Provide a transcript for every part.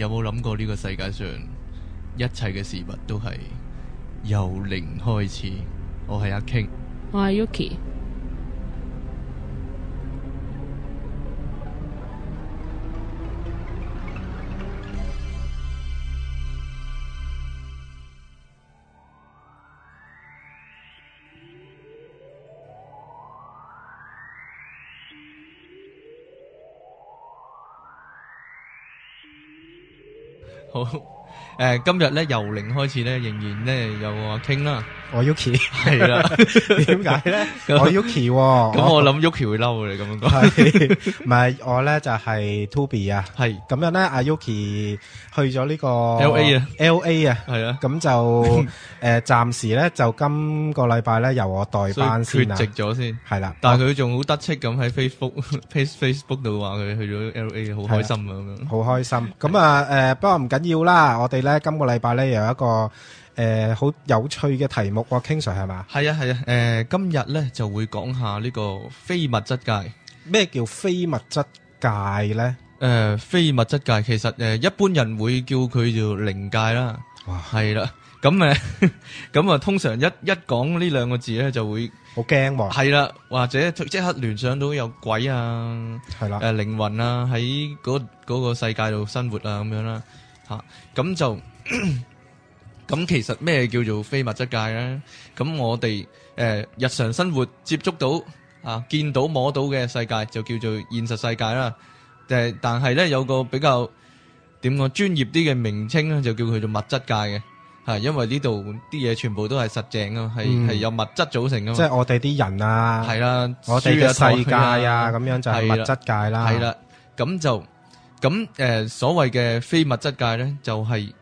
有冇諗過呢個世界上一切嘅事物都係由零開始？我係阿傾，我係 Yuki。誒、 呃，今日咧由零開始咧，仍然咧有我、啊、傾啦。我 Yuki 係啦，點解咧？我 Yuki 咁我諗 Yuki 會嬲你咁樣講，唔係我咧就係 Toby 啊，係咁樣咧。阿 Yuki 去咗呢個 L A 啊，L A 啊，係啊，咁就誒暫時咧就今個禮拜咧由我代班先啊，缺席咗先，係啦。但係佢仲好得戚咁喺 Facebook Face Facebook 度話佢去咗 L A 好開心啊咁樣，好開心。咁啊誒不過唔緊要啦，我哋咧今個禮拜咧有一個。誒，好有趣嘅題目，King Sir 係嘛？係啊，係啊。誒，今日咧就會講下呢個非物質界。咩叫非物質界咧？誒，非物質界其實誒，一般人會叫佢叫靈界啦。哇，係啦。咁誒，咁啊，通常一一講呢兩個字咧，就會好驚。係啦，或者即刻聯想到有鬼啊，係啦，誒，靈魂啊，喺嗰嗰個世界度生活啊，咁樣啦，吓，咁就。咁其實咩叫做非物質界咧？咁我哋誒日常生活接觸到啊見到摸到嘅世界就叫做現實世界啦。誒，但係咧有個比較點講專業啲嘅名稱咧，就叫佢做物質界嘅。係因為呢度啲嘢全部都係實淨噶，係係由物質組成噶。即係我哋啲人啊，係啦，我哋嘅世界啊，咁樣就係物質界啦。係啦，咁就咁誒，所謂嘅非物質界咧，就係。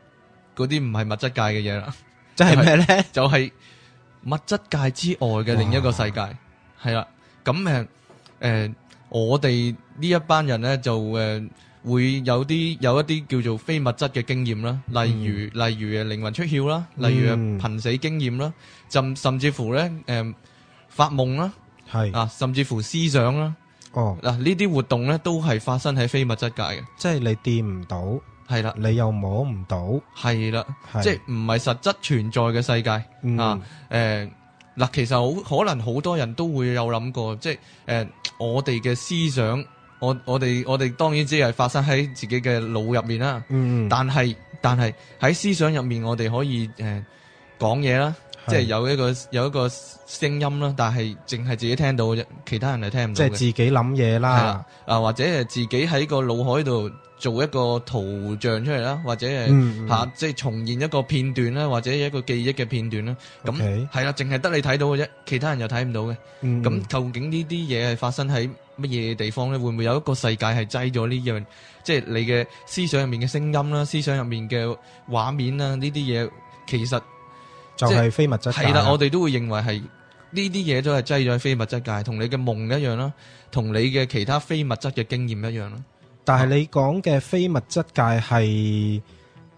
嗰啲唔係物質界嘅嘢啦，即係咩咧？就係物質界之外嘅另一個世界，係啦。咁誒，誒，我哋呢一班人咧就誒，會有啲有一啲叫做非物質嘅經驗啦，例如例如誒靈魂出竅啦，例如瀕死經驗啦，甚甚至乎咧誒發夢啦，係啊，甚至乎思想啦。哦，嗱呢啲活動咧都係發生喺非物質界嘅，即係你掂唔到。係啦，你又摸唔到。係啦的，的即係唔係實質存在嘅世界，嗯、啊？誒，嗱，其實好可能好多人都會有諗過，即係誒、呃，我哋嘅思想，我我哋我哋當然只係發生喺自己嘅腦入面啦。嗯。但係但係喺思想入面，我哋可以誒講嘢啦。呃即係有一個有一個聲音啦，但係淨係自己聽到啫，其他人係聽唔到嘅。即係自己諗嘢啦，啊或者係自己喺個腦海度做一個圖像出嚟啦，或者係吓即係重現一個片段啦，或者一個記憶嘅片段啦。咁係啦，淨係得你睇到嘅啫，其他人又睇唔到嘅。咁究竟呢啲嘢係發生喺乜嘢地方咧？會唔會有一個世界係擠咗呢樣？即係你嘅思想入面嘅聲音啦，思想入面嘅畫面啦，呢啲嘢其實。就係非物質界，係啦，我哋都會認為係呢啲嘢都係擠咗喺非物質界，同你嘅夢一樣啦，同你嘅其他非物質嘅經驗一樣啦。但係你講嘅非物質界係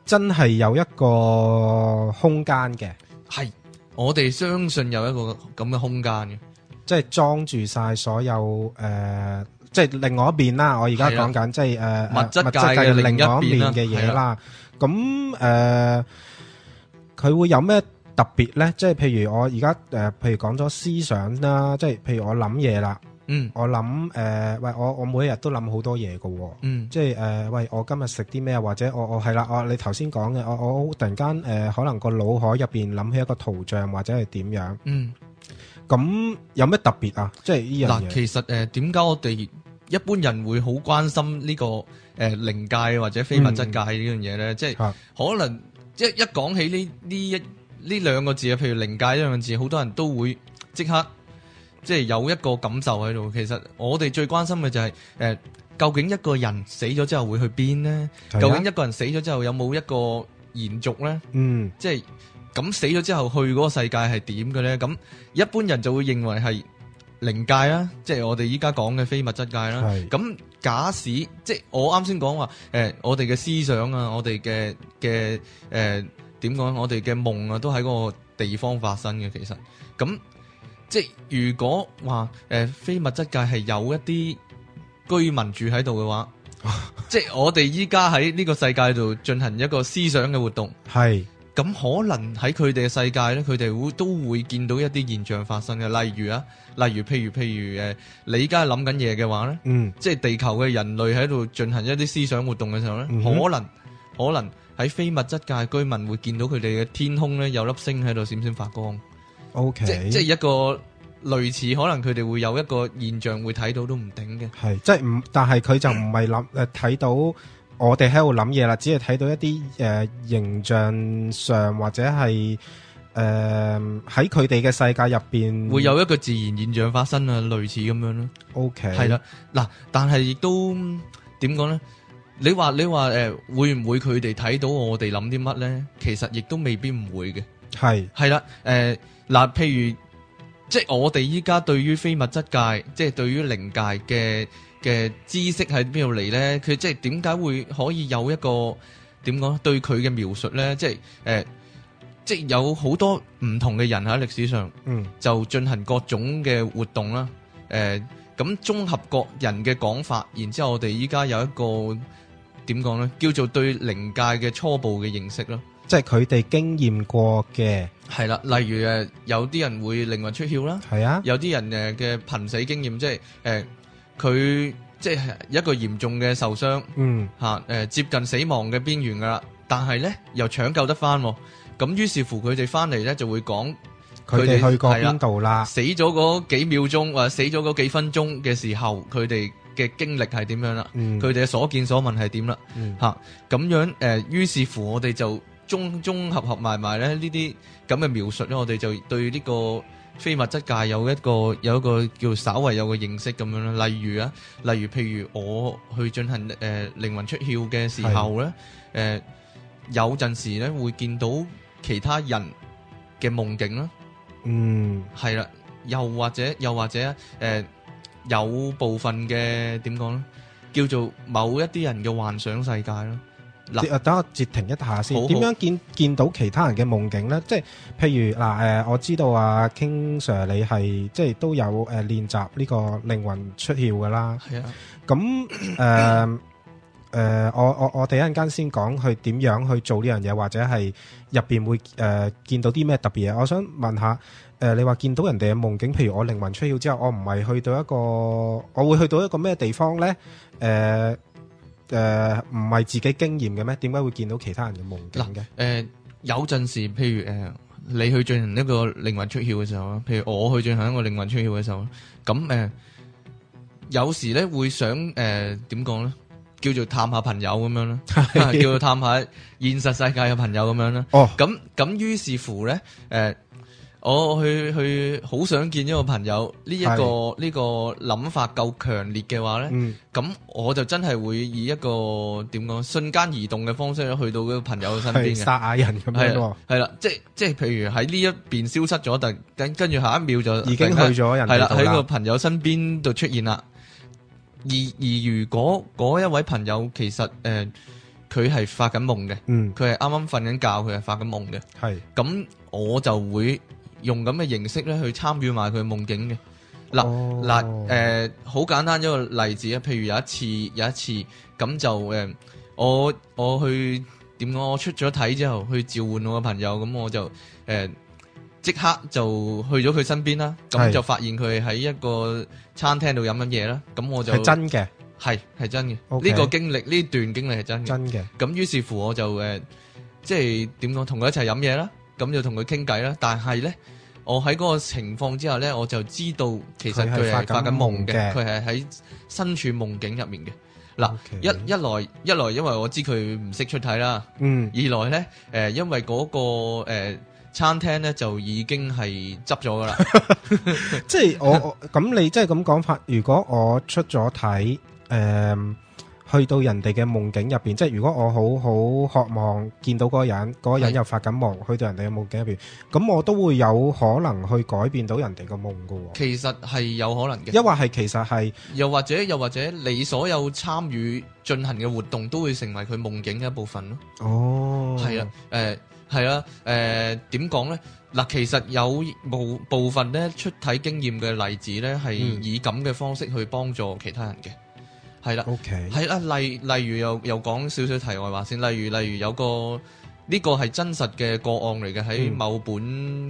真係有一個空間嘅，係，我哋相信有一個咁嘅空間嘅，即係裝住晒所有誒，即係另外一邊啦。我而家講緊即係誒物質界嘅另一邊嘅嘢啦。咁誒，佢會有咩？特別咧，即係譬如，我而家誒，譬如講咗思想啦，即係譬如我諗嘢啦，嗯，我諗誒，喂，我我每一日都諗好多嘢噶，嗯，即係誒，喂，我今日食啲咩？或者我我係啦，我你頭先講嘅，我我突然間誒，可能個腦海入邊諗起一個圖像，或者係點樣，嗯，咁有咩特別啊？即係呢樣嘢。嗱，其實誒，點解我哋一般人會好關心呢個誒靈界或者非物質界呢樣嘢咧？即係可能即係一講起呢呢一。呢兩個字啊，譬如靈界呢兩個字，好多人都會即刻即係有一個感受喺度。其實我哋最關心嘅就係、是、誒，究竟一個人死咗之後會去邊呢？看看嗯、究竟一個人死咗之後有冇一個延續呢？嗯，嗯，即係咁死咗之後去嗰個世界係點嘅呢？咁、嗯、一般人就會認為係靈界啦，即係我哋依家講嘅非物質界啦。咁對、啊、假使即係我啱先講話誒，我哋嘅思想啊，我哋嘅嘅誒。啊點講？我哋嘅夢啊，都喺嗰個地方發生嘅。其實咁，即係如果話誒、呃，非物質界係有一啲居民住喺度嘅話， 即係我哋依家喺呢個世界度進行一個思想嘅活動，係咁是可能喺佢哋嘅世界咧，佢哋會都會見到一啲現象發生嘅。例如啊，例如譬如譬如誒、呃，你而家諗緊嘢嘅話咧，嗯，即係地球嘅人類喺度進行一啲思想活動嘅時候咧、嗯哼，可能可能。喺非物質界，居民會見到佢哋嘅天空咧，有粒星喺度閃閃發光。OK，即係一個類似，可能佢哋會有一個現象會睇到都唔定嘅。係，即係唔，但係佢就唔係諗誒，呃、睇到我哋喺度諗嘢啦，只係睇到一啲誒、呃、形象上或者係誒喺佢哋嘅世界入邊會有一個自然現象發生啊，類似咁樣咯。OK，係啦，嗱，但係亦都點講咧？你話你話誒、呃、會唔會佢哋睇到我哋諗啲乜呢？其實亦都未必唔會嘅。係係啦，誒嗱，譬、呃、如即係我哋依家對於非物質界，即係對於靈界嘅嘅知識喺邊度嚟呢？佢即係點解會可以有一個點講對佢嘅描述呢？即係誒、呃，即係有好多唔同嘅人喺歷史上，嗯，就進行各種嘅活動啦。誒、呃、咁綜合各人嘅講法，然之後我哋依家有一個。點講咧，叫做對靈界嘅初步嘅認識咯，即係佢哋經驗過嘅係啦，例如誒有啲人會靈魂出竅啦，係啊，有啲人誒嘅瀕死經驗，即係誒佢即係一個嚴重嘅受傷，嗯吓誒接近死亡嘅邊緣噶啦，但係咧又搶救得翻，咁於是乎佢哋翻嚟咧就會講佢哋去過邊度啦，死咗嗰幾秒鐘或者死咗嗰幾分鐘嘅時候，佢哋。嘅經歷係點樣啦？佢哋嘅所見所聞係點啦？嚇咁樣誒，於是乎我哋就綜綜合合埋埋咧，呢啲咁嘅描述咧，我哋就對呢個非物質界有一個有一個叫稍為有個認識咁樣啦。例如啊，例如譬如我去進行誒靈魂出竅嘅時候咧，誒有陣時咧會見到其他人嘅夢境啦。嗯，係啦，又或者又或者誒。有部分嘅，點講呢？叫做某一啲人嘅幻想世界咯。嗱、啊，等我截停一下先。點好樣見見到其他人嘅夢境呢？即係譬如嗱，誒、啊呃，我知道阿、啊、King Sir 你係即係都有誒練習呢個靈魂出竅噶啦。咁誒誒，我我我第一陣間先講去點樣去做呢樣嘢，或者係入邊會誒、呃、見到啲咩特別嘢？我想問下。誒，你話見到人哋嘅夢境，譬如我靈魂出竅之後，我唔係去到一個，我會去到一個咩地方咧？誒誒，唔係自己經驗嘅咩？點解會見到其他人嘅夢境嘅？誒，有陣時，譬如誒，你去進行一個靈魂出竅嘅時候啦，譬如我去進行一個靈魂出竅嘅時候啦，咁誒，有時咧會想誒，點講咧？叫做探下朋友咁樣啦，叫做探下現實世界嘅朋友咁樣啦。哦，咁咁於是乎咧，誒。我去去好想見一個朋友，呢一個呢個諗法夠強烈嘅話呢，咁我就真係會以一個點講瞬間移動嘅方式去到嗰個朋友嘅身邊嘅撒亞人咁樣，係啦，即係即係，譬如喺呢一邊消失咗，但緊跟住下一秒就已經去咗人係啦，喺個朋友身邊就出現啦。而而如果嗰一位朋友其實誒，佢係發緊夢嘅，嗯，佢係啱啱瞓緊覺，佢係發緊夢嘅，係咁我就會。用咁嘅形式咧去參與埋佢夢境嘅。嗱嗱誒，好、oh. 呃、簡單一個例子啊，譬如有一次，有一次咁就誒、呃，我我去點講，我出咗體之後去召喚我嘅朋友，咁我就誒即、呃、刻就去咗佢身邊啦，咁就發現佢喺一個餐廳度飲緊嘢啦，咁我就係真嘅係係真嘅，呢 Okay. 個經歷呢段經歷係真嘅，真嘅的，咁於是乎我就誒、呃，即係點講，同佢一齊飲嘢啦。咁就同佢傾偈啦，但係咧，我喺嗰個情況之下咧，我就知道其實佢係發緊夢嘅，佢係喺身處夢境入面嘅。嗱，一一來一來，因為我知佢唔識出睇啦，嗯，二來咧，誒，因為嗰個誒餐廳咧就已經係執咗噶啦，即係我我咁你即係咁講法，如果我出咗體，誒。去到人哋嘅夢境入邊，即係如果我好好渴望見到嗰個人，嗰個人又發緊夢，去到人哋嘅夢境入邊，咁我都會有可能去改變到人哋嘅夢噶喎。其實係有可能嘅，一或係其實係，又或者又或者，你所有參與進行嘅活動都會成為佢夢境嘅一部分咯。哦，係啊，誒係啊，誒點講咧？嗱，其實有部部分咧出體經驗嘅例子咧，係以咁嘅方式去幫助其他人嘅。係啦，Okay，係啦，例例如又又講少少題外話先，例如例如有個呢個係真實嘅個案嚟嘅，喺某本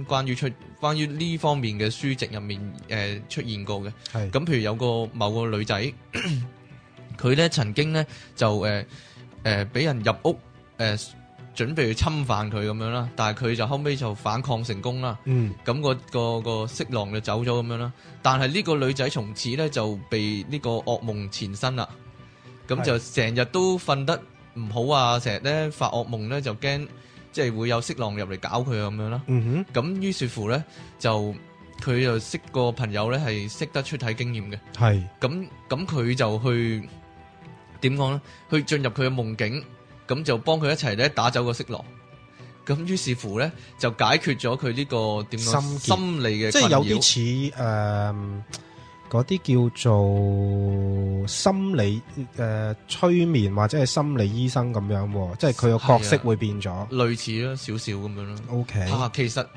關於出關於呢方面嘅書籍入面誒出現過嘅。係咁，譬如有個某個女仔，佢呢曾經呢就誒誒畀人入屋誒，準備去侵犯佢咁樣啦，但係佢就後尾就反抗成功啦。嗯，咁個個個色狼就走咗咁樣啦。但係呢個女仔從此咧就被呢個噩夢纏身啦。咁就成日都瞓得唔好啊，成日咧發噩夢咧就驚，即係會有色狼入嚟搞佢咁樣啦。嗯哼，咁於是乎咧就佢就識個朋友咧係識得出體經驗嘅。係。咁咁佢就去點講咧？去進入佢嘅夢境。咁就幫佢一齊咧打走個色狼，咁於是乎咧就解決咗佢呢個點樣心理嘅，即係有啲似誒嗰啲叫做心理誒催眠或者係心理醫生咁樣，即係佢個角色會變咗，類似咗少少咁樣啦。O K 啊，其實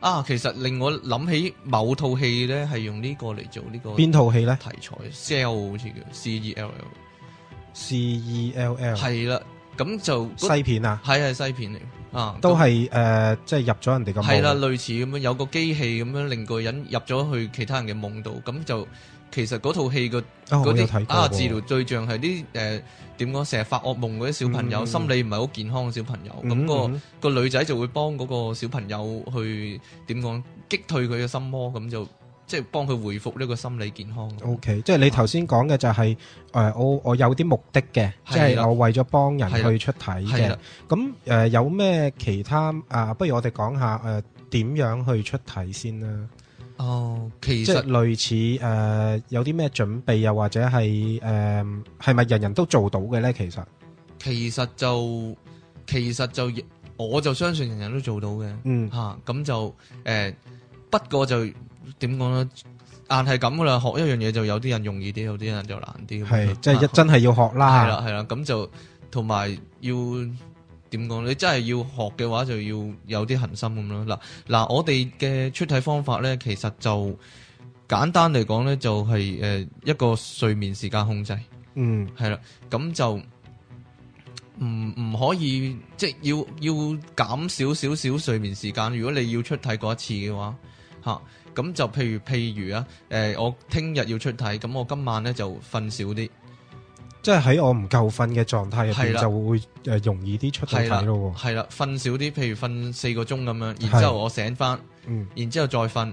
啊，其實令我諗起某套戲咧係用呢個嚟，做呢個邊套戲咧題材 cell 好似叫 C E L L C E L L 係啦。咁就西片啊，係係西片嚟。啊都係誒，即係、呃就是、入咗人哋個夢，係啦、啊，類似咁樣有個機器咁樣令個人入咗去其他人嘅夢度，咁就其實嗰套戲個嗰啲啊治療對象係啲誒點講，成、呃、日發惡夢嗰啲小朋友，嗯、心理唔係好健康嘅小朋友，咁、嗯那個、嗯、個女仔就會幫嗰個小朋友去點講擊退佢嘅心魔，咁就。即係幫佢回復呢個心理健康。OK，即係你頭先講嘅就係誒，我我有啲目的嘅，即係我為咗幫人去出體嘅。咁誒，有咩其他啊？不如我哋講下誒，點樣去出體先啦？哦，其實類似誒，有啲咩準備又或者係誒，係咪人人都做到嘅咧？其實其實就其實就我就相信人人都做到嘅。嗯，吓咁就誒，不過就。點講咧，硬係咁噶啦。學一樣嘢就有啲人容易啲，有啲人就難啲。係是，即係一真係要學啦。係啦，係啦。咁就同埋要點講咧？你真係要學嘅話，就要有啲恆心咁咯。嗱嗱、啊啊，我哋嘅出體方法咧，其實就簡單嚟講咧，就係誒一個睡眠時間控制。嗯，係啦。咁就唔唔可以，即係要要減少少少睡眠時間。如果你要出體嗰一次嘅話。吓咁、啊、就譬如譬如啊，誒、呃，我聽日要出體，咁我今晚咧就瞓少啲，即係喺我唔夠瞓嘅狀態的，入邊就會誒、呃、容易啲出體咯。係啦，瞓少啲，譬如瞓四個鐘咁樣，然之後我醒翻，嗯，然之後再瞓，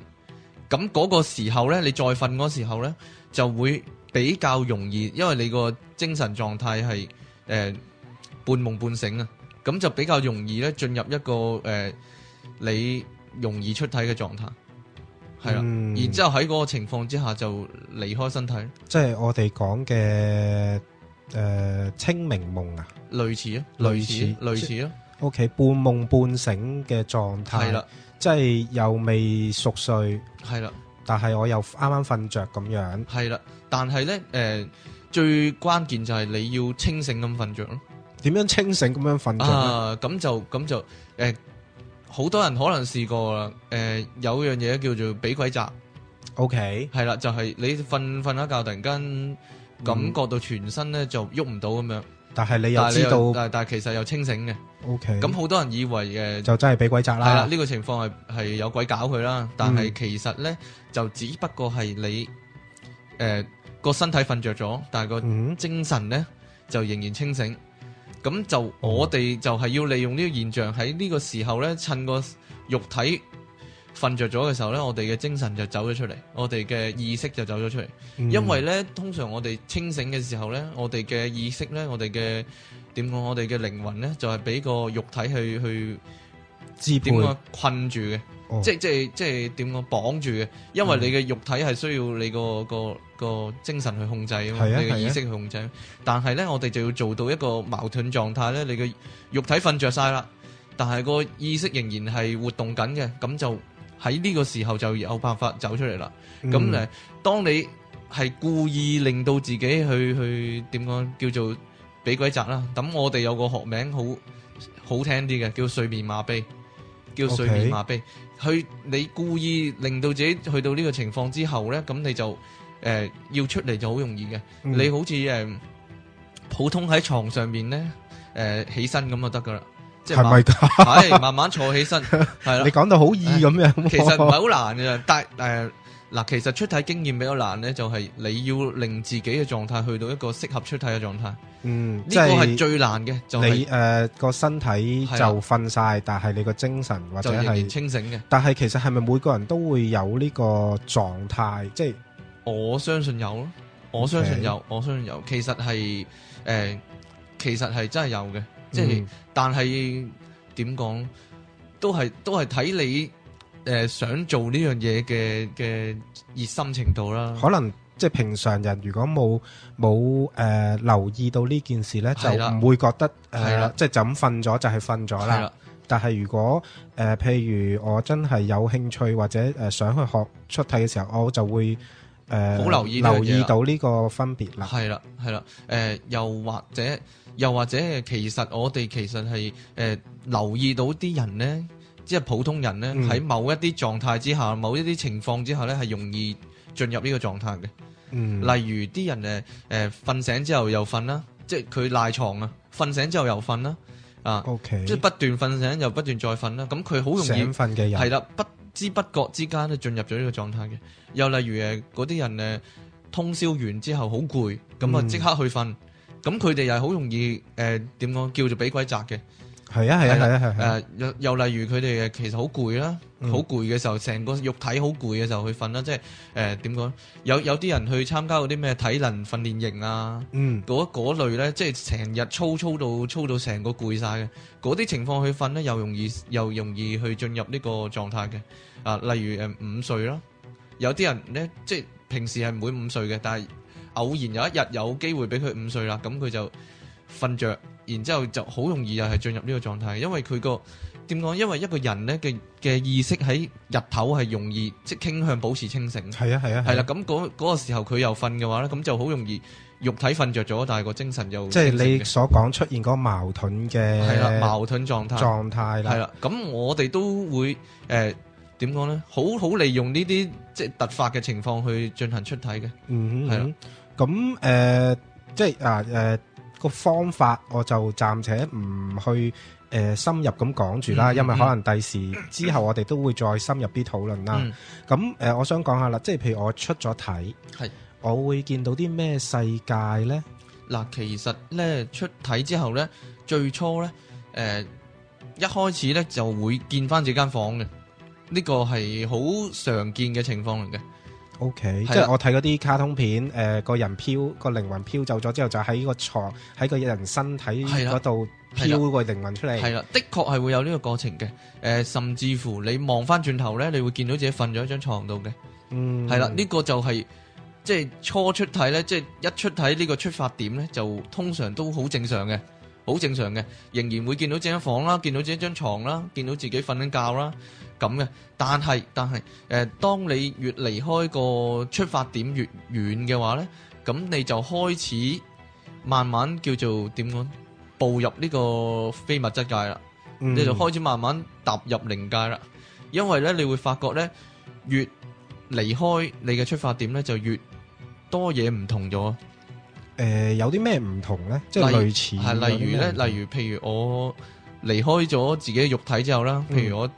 咁嗰個時候咧，你再瞓嗰時候咧，就會比較容易，因為你個精神狀態係誒、呃、半夢半醒啊，咁就比較容易咧進入一個誒、呃、你容易出體嘅狀態。係啦，然之後喺嗰個情況之下就離開身體。即係我哋講嘅誒清明夢啊，類似啊，類似類似啊。OK，半夢半醒嘅狀態，係啦，即係又未熟睡，係啦，但係我又啱啱瞓着咁樣。係啦，但係咧誒，最關鍵就係你要清醒咁瞓着咯。點樣清醒咁樣瞓着啊？咁就咁就誒。好多人可能試過啦，誒、呃，有樣嘢叫做俾鬼扎，OK，係啦，就係、是、你瞓瞓一覺，突然間感覺到全身咧就喐唔到咁樣，但係你又知道，但係其實又清醒嘅，OK，咁好多人以為誒、呃、就真係俾鬼扎啦，呢、這個情況係係有鬼搞佢啦，但係其實咧、嗯、就只不過係你誒個、呃、身體瞓着咗，但係個精神咧、嗯、就仍然清醒。咁就、哦，我哋就係要利用呢個現象，喺呢個時候咧，趁個肉體瞓着咗嘅時候咧，我哋嘅精神就走咗出嚟，我哋嘅意識就走咗出嚟。嗯、因為咧,通常我哋清醒嘅時候咧，我哋嘅意識咧，我哋嘅點講，我哋嘅靈魂咧，就係、是、俾個肉體去去點講支配困住嘅。即係即係即係點講綁住嘅，因為你嘅肉體係需要你、嗯、個個個精神去控制啊，你嘅意識去控制。啊、但係咧，我哋就要做到一個矛盾狀態咧，你嘅肉體瞓着晒啦，但係個意識仍然係活動緊嘅，咁就喺呢個時候就有辦法走出嚟啦。咁誒、嗯，當你係故意令到自己去去點講叫做俾鬼責啦，咁我哋有個學名好好聽啲嘅，叫睡眠麻痹，叫睡眠麻痹。嗯去你故意令到自己去到呢個情況之後咧，咁你就誒要出嚟，就好容易嘅。你好似誒普通喺床上面咧，誒起身咁就得噶啦。即係係咪假？係慢慢坐起身，係咯。你講到好易咁樣，其實唔係好難嘅，但誒。嗱，其實出體經驗比較難咧，就係、是、你要令自己嘅狀態去到一個適合出體嘅狀態。嗯，呢、就是、個係最難嘅，就係你誒個身體就瞓晒，啊、但係你個精神或者係清醒嘅。但係其實係咪每個人都會有呢個狀態？即係我相信有咯，我相信有，我相信有。其實係誒，其實係、呃、真係有嘅。即、就、係、是，嗯、但係點講都係都係睇你。誒、呃，想做呢樣嘢嘅嘅熱心程度啦，可能即係平常人如果冇冇誒留意到呢件事呢，的就唔會覺得誒，即係的、呃、就咁瞓咗就係瞓咗啦。的但係如果誒、呃，譬如我真係有興趣或者誒想去學出體嘅時候，我就會誒好、呃、留意留意到呢個分別啦。係啦，係啦，誒、呃呃，又或者又或者，其實我哋其實係誒、呃呃、留意到啲人呢。即係普通人咧，喺、嗯、某一啲狀態之下，某一啲情況之下咧，係容易進入呢個狀態嘅。嗯、例如啲人誒誒瞓醒之後又瞓啦，即係佢賴床啊，瞓醒之後又瞓啦，啊，Okay. 即係不斷瞓醒又不斷再瞓啦，咁佢好容易係啦，不知不覺之間都進入咗呢個狀態嘅。又例如誒嗰啲人誒通宵完之後好攰，咁啊即刻去瞓，咁佢哋又好容易誒點講叫做俾鬼責嘅。係啊係啊係啊係，誒又又例如佢哋嘅，其實好攰啦，好攰嘅時候，成個肉體好攰嘅時候去瞓啦，即係誒點講？有有啲人去參加嗰啲咩體能訓練營啊，嗯，嗰嗰類咧，即係成日操操到操到成個攰晒嘅，嗰啲情況去瞓咧，又容易又容易去進入呢個狀態嘅。啊，例如誒午睡啦，有啲人咧即係平時係唔會午睡嘅，但係偶然有一日有機會俾佢午睡啦，咁佢就。瞓着，然之後就好容易又係進入呢個狀態，因為佢個點講？因為一個人咧嘅嘅意識喺日頭係容易即係傾向保持清醒。係啊係啊，係啦、啊。咁嗰嗰個時候佢又瞓嘅話咧，咁就好容易肉體瞓着咗，但係個精神又即係你所講出現嗰個矛盾嘅，係啦，矛盾狀態狀態啦。係啦、啊，咁我哋都會誒點講咧？好好利用呢啲即係突發嘅情況去進行出體嘅。嗯，係啦、啊。咁誒、呃，即係啊誒。呃呃呃個方法我就暫且唔去誒、呃、深入咁講住啦，嗯、因為可能第時、嗯、之後我哋都會再深入啲討論啦。咁誒、嗯呃，我想講下啦，即係譬如我出咗體，係是我會見到啲咩世界呢？嗱，其實呢，出體之後呢，最初呢，誒、呃、一開始呢就會見翻自己間房嘅，呢、呢個係好常見嘅情況嚟嘅。O Okay , K，的即係我睇嗰啲卡通片，誒、呃，個人飄個靈魂飄走咗之後，就喺個床喺個人身體嗰度飄個靈魂出嚟。係啦，的確係會有呢個過程嘅。誒、呃，甚至乎你望翻轉頭咧，你會見到自己瞓咗喺張床度嘅。嗯，係啦，呢個就係即係初出體咧，即係一出體呢個出發點咧，就通常都好正常嘅。好正常嘅，仍然會見到這間房啦，見到這一張床啦，見到自己瞓緊覺啦，咁嘅。但係但係，誒、呃，當你越離開個出發點越遠嘅話呢，咁你就開始慢慢叫做點講，步入呢個非物質界啦。嗯、你就開始慢慢踏入靈界啦，因為呢，你會發覺呢，越離開你嘅出發點呢，就越多嘢唔同咗。誒、呃，有啲咩唔同咧？類即係類似係，例如咧，例如，譬如，如我離開咗自己嘅肉體之後啦，嗯、譬如我誒、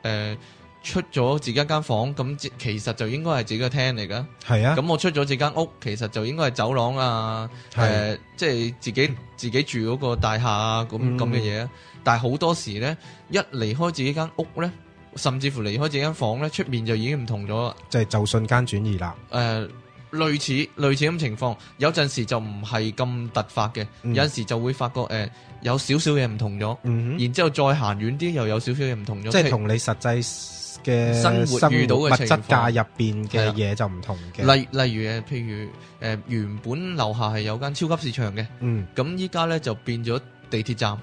呃、出咗自己一間房，咁其實就應該係自己嘅廳嚟㗎。係啊，咁我出咗自己間屋，其實就應該係、啊、走廊啊，誒、啊呃，即係自己、嗯、自己住嗰個大廈啊，咁咁嘅嘢啊。但係好多時咧，一離開自己間屋咧，甚至乎離開自己間房咧，出面就已經唔同咗。即係就瞬間轉移啦。誒、呃。呃類似類似咁情況，有陣時就唔係咁突發嘅，有陣時就會發覺誒有少少嘢唔同咗，然之後再行遠啲又有少少嘢唔同咗。即係同你實際嘅生活遇到嘅情況，物質界入邊嘅嘢就唔同嘅。例例如誒，譬如誒，原本樓下係有間超級市場嘅，咁依家呢就變咗地鐵站。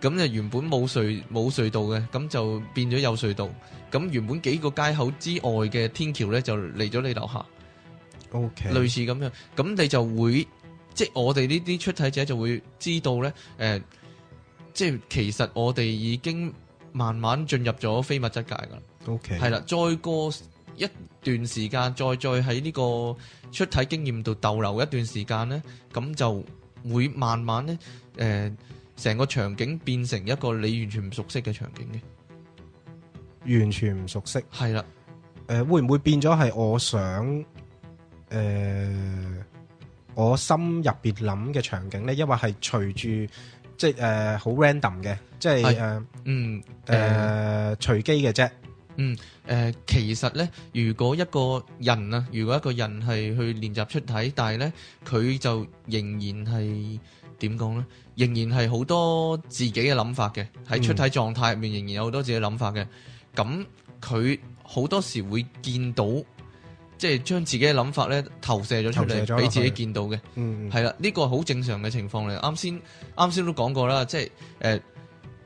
咁就原本冇隧冇隧道嘅，咁就變咗有隧道。咁原本幾個街口之外嘅天橋呢，就嚟咗你樓下。類似咁樣，咁你就會即係我哋呢啲出體者就會知道呢。誒，即係其實我哋已經慢慢進入咗非物質界噶啦。OK，係啦，再過一段時間，再再喺呢個出體經驗度逗留一段時間呢，咁就會慢慢呢，誒，成個場景變成一個你完全唔熟悉嘅場景嘅，完全唔熟悉係啦。誒，會唔會變咗係我想？誒，我心入邊諗嘅場景呢，因為係隨住即係誒好 random 嘅，即係誒嗯誒隨機嘅啫。嗯誒，其實呢，如果一個人啊，如果一個人係去練習出體，但係呢佢就仍然係點講呢？仍然係好多自己嘅諗法嘅，喺出體狀態入面仍然有好多自己諗法嘅。咁佢好多時會見到，即係將自己嘅諗法咧投射咗出嚟，俾自己見到嘅，係啦、嗯，呢個好正常嘅情況嚟。啱先啱先都講過啦，即係誒、呃，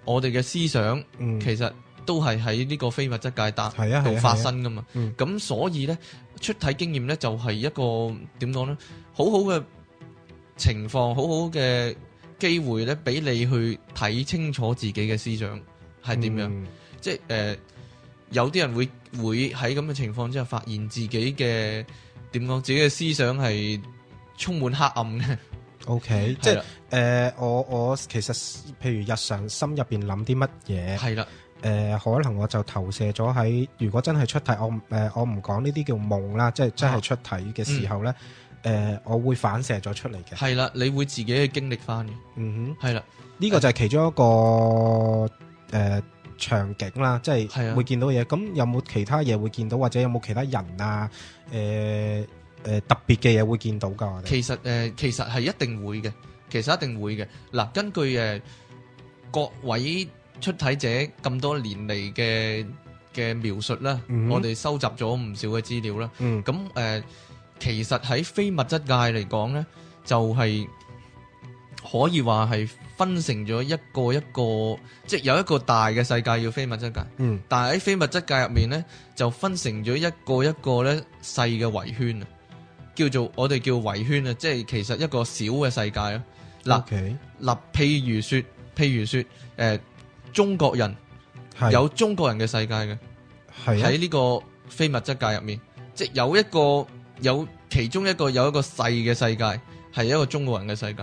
我哋嘅思想、嗯、其實都係喺呢個非物質界達度、嗯、發生噶嘛。咁、嗯、所以咧，出體經驗咧就係、是、一個點講咧，好好嘅情況，好好嘅機會咧，俾你去睇清楚自己嘅思想係點樣，嗯、即係誒。呃有啲人會會喺咁嘅情況之下，發現自己嘅，點講，自己嘅思想係充滿黑暗嘅。O Okay , K， 的即係誒、呃，我我其實譬如日常心入邊諗啲乜嘢，係啦的，誒、呃，可能我就投射咗喺，如果真係出題，我誒、呃，我唔講呢啲叫夢啦，即係真係出題嘅時候咧，誒、嗯呃，我會反射咗出嚟嘅。係啦，你會自己去經歷翻嘅。嗯哼，係啦，呢的、嗯這個就係其中一個誒。呃呃場景啦，即係會見到嘢，係啊，咁有冇其他嘢會見到，或者有冇其他人啊？誒誒，特別嘅嘢會見到噶？其實誒，其實係一定會嘅，其實一定會嘅。嗱，根據誒各位出體者咁多年嚟嘅嘅描述啦，我哋收集咗唔少嘅資料啦。嗯，咁誒，其實喺非物質界嚟講咧，就係。可以話係分成咗一個一個，即係有一個大嘅世界叫非物質界，嗯，但係喺非物質界入面呢，就分成咗一個一個咧細嘅圍圈啊，叫做我哋叫圍圈啊，即係其實一個小嘅世界咯。嗱 Okay.，譬如說，譬如說，誒、呃，中國人是有中國人嘅世界嘅，喺呢、啊、個非物質界入面，即係有一個有其中一個有一個細嘅世界，係一個中國人嘅世界。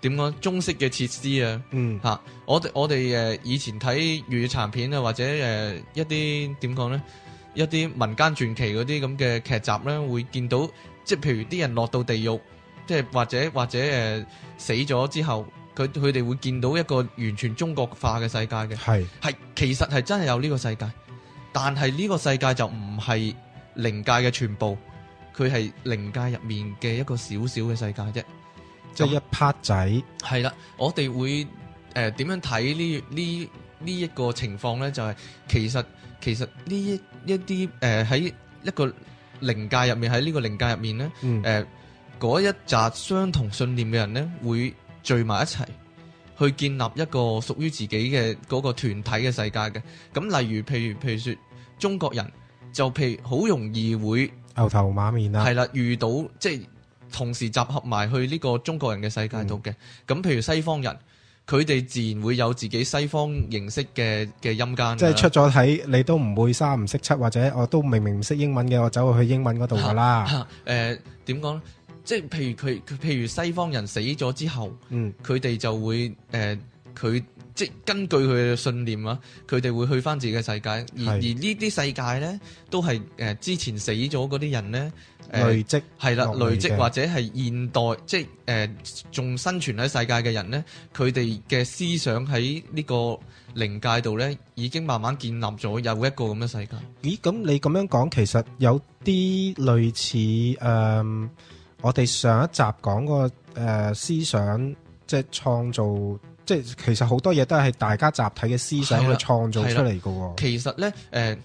點講中式嘅設施啊？嗯，吓、啊、我我哋誒、呃、以前睇粵語殘片啊，或者誒一啲點講呢？一啲、呃呃、民間傳奇嗰啲咁嘅劇集咧、啊，會見到即係譬如啲人落到地獄，即係或者或者誒、呃、死咗之後，佢佢哋會見到一個完全中國化嘅世界嘅，係係其實係真係有呢個世界，但係呢個世界就唔係靈界嘅全部，佢係靈界入面嘅一個小小嘅世界啫。即係一 part 仔係啦，我哋會誒點樣睇呢呢呢一個情況呢？就係其實其實呢一一啲誒喺一個靈界入面喺呢個靈界入面呢，誒嗰、嗯呃、一紮相同信念嘅人呢，會聚埋一齊去建立一個屬於自己嘅嗰個團體嘅世界嘅。咁例如譬如譬如說中國人就譬如好容易會牛頭馬面啦，係啦，遇到即係。同時集合埋去呢個中國人嘅世界度嘅，咁、嗯、譬如西方人，佢哋自然會有自己西方形式嘅嘅陰間。即係出咗體，你都唔會三唔識七，或者我都明明唔識英文嘅，我走過去英文嗰度噶啦。誒點講呢？即係譬如佢，佢譬如西方人死咗之後，嗯，佢哋就會誒佢。呃即根據佢嘅信念啊，佢哋會去翻自己嘅世界，而是而呢啲世界咧，都係誒、呃、之前死咗嗰啲人咧，呃、累積係啦累積或者係現代，即係誒仲生存喺世界嘅人咧，佢哋嘅思想喺呢個靈界度咧，已經慢慢建立咗有一個咁嘅世界。咦？咁你咁樣講，其實有啲類似誒、呃，我哋上一集講過誒思想，即係創造。即係其實好多嘢都係大家集體嘅思想去創造出嚟嘅。其實咧，誒、呃，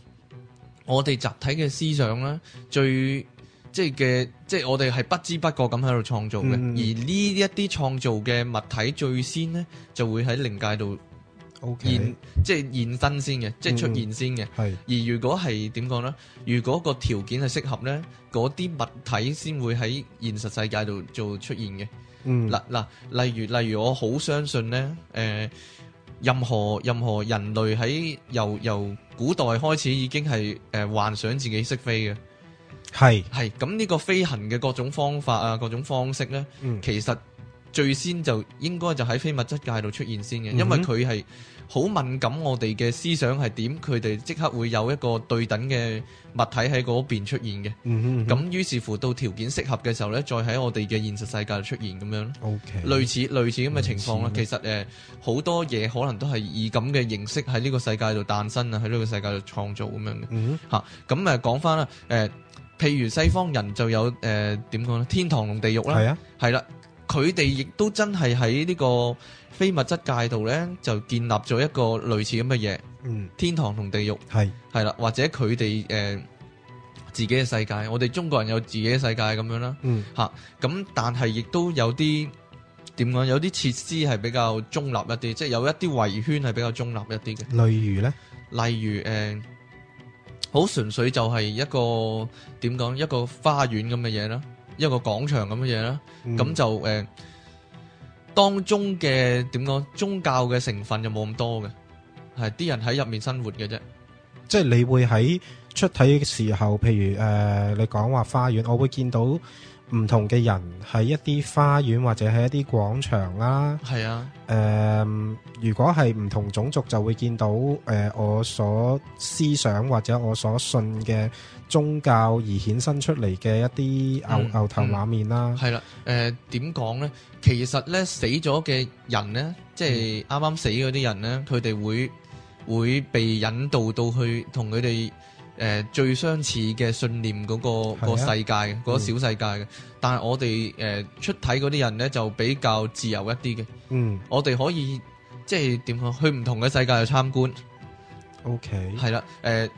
我哋集體嘅思想咧，最即係嘅，即係我哋係不知不覺咁喺度創造嘅。嗯、而呢一啲創造嘅物體最先咧，就會喺靈界度現，Okay 即係現身先嘅，即係出現先嘅。係、嗯。而如果係點講咧？如果個條件係適合咧，嗰啲物體先會喺現實世界度做出現嘅。嗯，嗱嗱，例如例如，我好相信咧，誒、呃，任何任何人類喺由由古代開始已經係誒、呃、幻想自己識飛嘅，係係是，咁呢個飛行嘅各種方法啊，各種方式咧，嗯，其實。最先就應該就喺非物質界度出現先嘅，因為佢係好敏感我哋嘅思想係點，佢哋即刻會有一個對等嘅物體喺嗰邊出現嘅。咁、嗯嗯、於是乎到條件適合嘅時候呢，再喺我哋嘅現實世界度出現咁樣。OK，類似類似咁嘅情況啦。嗯、哲其實誒好、呃、多嘢可能都係以咁嘅形式喺呢個世界度誕生啊，喺呢個世界度創造咁樣嘅。吓，咁誒講返啦，誒，譬如西方人就有誒點講咧，天堂同地獄啦，係啊，係啦對。佢哋亦都真係喺呢個非物質界度呢，就建立咗一個類似咁嘅嘢，嗯、天堂同地獄係係啦，或者佢哋誒自己嘅世界，我哋中國人有自己嘅世界咁樣啦，吓咁、嗯啊、但係亦都有啲點講，有啲設施係比較中立一啲，即係有一啲圍圈係比較中立一啲嘅，例如呢，例如誒，好純粹就係一個點講，一個花園咁嘅嘢啦。一個廣場咁嘅嘢啦，咁、嗯、就誒、呃、當中嘅點講宗教嘅成分就冇咁多嘅，係啲人喺入面生活嘅啫，即係你會喺出體嘅時候，譬如誒、呃、你講話花園，我會見到。唔同嘅人喺一啲花園或者喺一啲廣場啦，係啊，誒、啊呃，如果係唔同種族，就會見到誒、呃，我所思想或者我所信嘅宗教而衍生出嚟嘅一啲牛、嗯嗯、牛頭馬面啦、啊，係啦、啊，誒、呃，點講呢？其實呢，死咗嘅人呢，即係啱啱死嗰啲人呢，佢哋、嗯、會會被引導到去同佢哋。誒、呃，最相似嘅信念嗰、那個個、啊、世界，嗰、那個小世界嘅。嗯、但係我哋誒、呃、出體嗰啲人呢，就比較自由一啲嘅。嗯，我哋可以即係點去唔同嘅世界去參觀。OK，係啦。誒、呃，誒、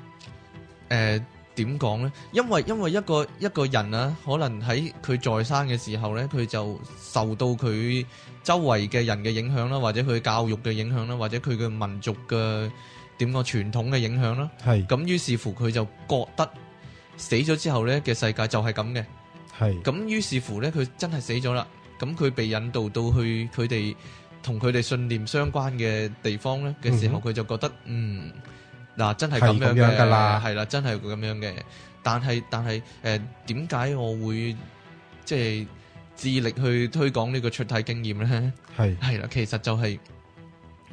呃，點講呢？因為因為一個一個人啊，可能喺佢在生嘅時候呢，佢就受到佢周圍嘅人嘅影響啦，或者佢教育嘅影響啦，或者佢嘅民族嘅。點個傳統嘅影響啦，係咁，於是乎佢就覺得死咗之後咧嘅世界就係咁嘅，係咁，於是乎咧佢真係死咗啦，咁佢被引導到去佢哋同佢哋信念相關嘅地方咧嘅時候，佢就覺得嗯，嗱，真係咁樣嘅啦，係啦真係咁樣嘅，但係但係誒點解我會即係致力去推廣呢個出體經驗咧？係係啦，其實就係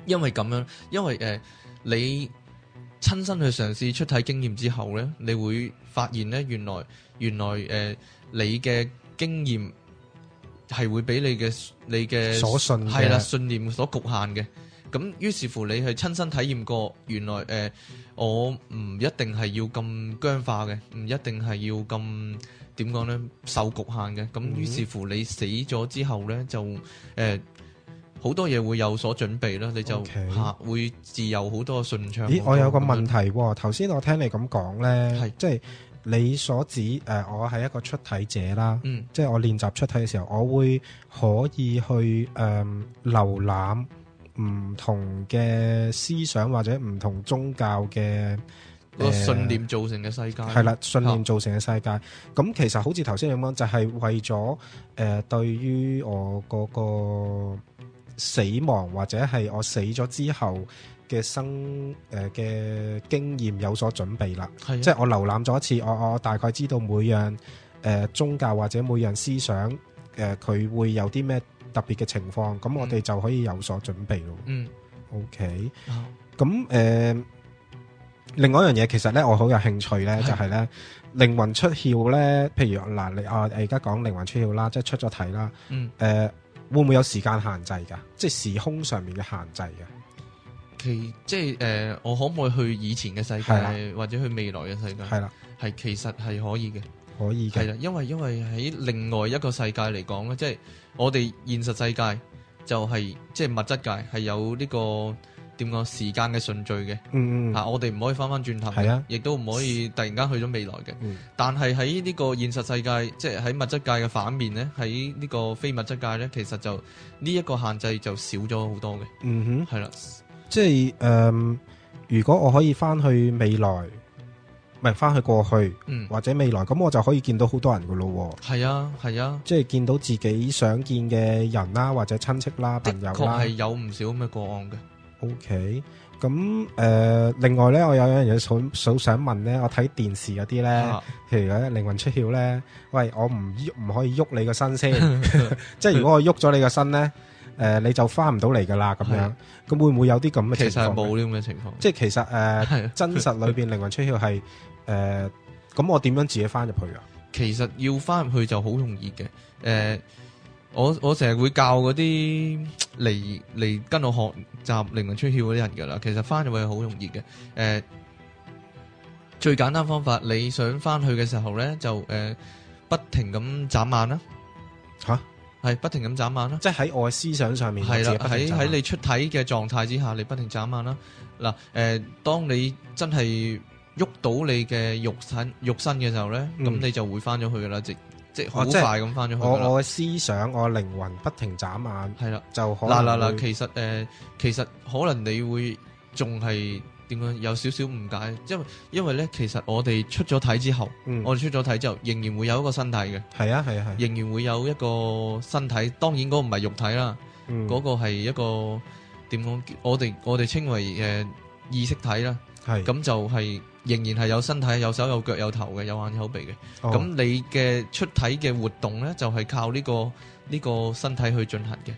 因為咁樣，因為誒。你親身去嘗試出體經驗之後呢，你會發現呢，原來原來誒，你嘅經驗係會俾你嘅你嘅所信係啦，信念所局限嘅。咁於是乎，你係親身體驗過，原來誒、呃，我唔一定係要咁僵化嘅，唔一定係要咁點講呢？受局限嘅。咁於是乎，你死咗之後呢，就誒。呃好多嘢會有所準備啦，你就嚇會自由好多順暢。咦，我有個問題喎。頭先我聽你咁講呢，係即係你所指誒，我係一個出體者啦，嗯，即係我練習出體嘅時候，我會可以去誒瀏覽唔同嘅思想或者唔同宗教嘅個信念造成嘅世界係啦，信念造成嘅世界，咁其實好似頭先咁樣，就係為咗誒對於我嗰個。死亡或者係我死咗之後嘅生誒嘅、呃、經驗有所準備啦，的即係我瀏覽咗一次，我我大概知道每樣、呃、宗教或者每樣思想佢、呃、會有啲咩特別嘅情況，咁我哋就可以有所準備咯。嗯，OK，咁誒、嗯呃，另外一樣嘢其實呢，我好有興趣呢，的就係呢：靈魂出竅呢，譬如嗱你啊，而、呃、家講靈魂出竅啦，即係出咗體啦，嗯，誒、呃。會唔會有時間限制噶？即係時空上面嘅限制㗎。其即係誒、呃，我可唔可以去以前嘅世界，的或者去未來嘅世界？係啦的，係其實係可以嘅，可以嘅。係啦，因為因為喺另外一個世界嚟講咧，即係我哋現實世界就係、是、即係物質界，係有呢、這個。點講時間嘅順序嘅，嗯嗯啊，我哋唔可以翻翻轉頭，啊、亦都唔可以突然間去咗未來嘅。嗯、但係喺呢個現實世界，即係喺物質界嘅反面咧，喺呢個非物質界咧，其實就呢一、這個限制就少咗好多嘅。嗯哼，係啦、啊，啊、即係誒、呃，如果我可以翻去未來，唔係翻去過去，嗯、或者未來咁，我就可以見到好多人噶咯。係啊，係啊，即係、啊啊、見到自己想見嘅人啦，或者親戚啦、朋友啦，係有唔少咁嘅個案嘅。OK，咁誒，另外咧，我有樣嘢想想想問咧，我睇電視嗰啲咧，啊、譬如咧《靈魂出竅》咧，喂，我唔唔可以喐你個身先？ 即係如果我喐咗你個身咧，誒、呃、你就翻唔到嚟噶啦咁樣，咁、啊、會唔會有啲咁嘅情況？其實冇呢咁嘅情況，即係其實誒、呃、 真實裏邊《靈魂出竅》係誒，咁我點樣自己翻入去啊？ 其實要翻入去就好容易嘅，誒、呃。 我我成日會教嗰啲嚟嚟，跟我學習靈魂出竅嗰啲人噶啦，其實翻咗去好容易嘅。誒、呃，最簡單方法，你想翻去嘅時候咧，就誒、呃、不停咁眨眼啦。吓係蛤不停咁眨眼啦，即係喺我嘅思想上面，係啦，喺喺、啊、你出體嘅狀態之下，你不停眨眼啦。嗱，誒，當你真係喐到你嘅肉身肉身嘅時候咧，咁你就會翻咗去噶啦，直、嗯。即係好快咁翻咗去。我我嘅思想，我嘅靈魂不停眨眼，係啦，就好。嗱嗱嗱。其實誒、呃，其實可能你會仲係點樣有少少誤解，因為因為咧，其實我哋出咗體之後，嗯、我哋出咗體之後，仍然會有一個身體嘅，係啊係啊係，仍然會有一個身體。當然嗰唔係肉體啦，嗰、嗯、個係一個點講？我哋我哋稱為誒。呃意識體啦，咁就係仍然係有身體，有手有腳有頭嘅，有眼有鼻嘅。咁你嘅出體嘅活動呢，就係靠呢個呢個身體去進行嘅。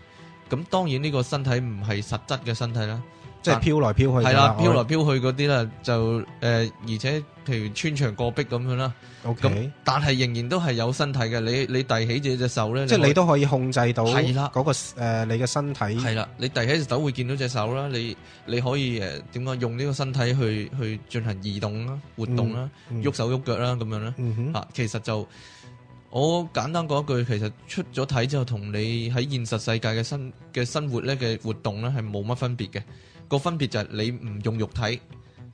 咁當然呢個身體唔係實質嘅身體啦。即係飄來飄去係啦，飄我來飄去嗰啲啦，就、呃、誒，而且譬如穿牆過壁咁樣啦。咁 Okay. 但係仍然都係有身體嘅，你你遞起隻隻手咧，即係你都可以控制到係、那、啦個誒的、呃、你嘅身體係啦。你遞起隻手會見到隻手啦，你你可以誒點樣用呢個身體去去進行移動啦、活動啦、喐、嗯嗯、手喐腳啦咁樣啦。吓、嗯哼，其實就我簡單講一句，其實出咗體之後，同你喺現實世界嘅生嘅生活咧嘅活動咧係冇乜分別嘅。個分別就係你唔用肉體，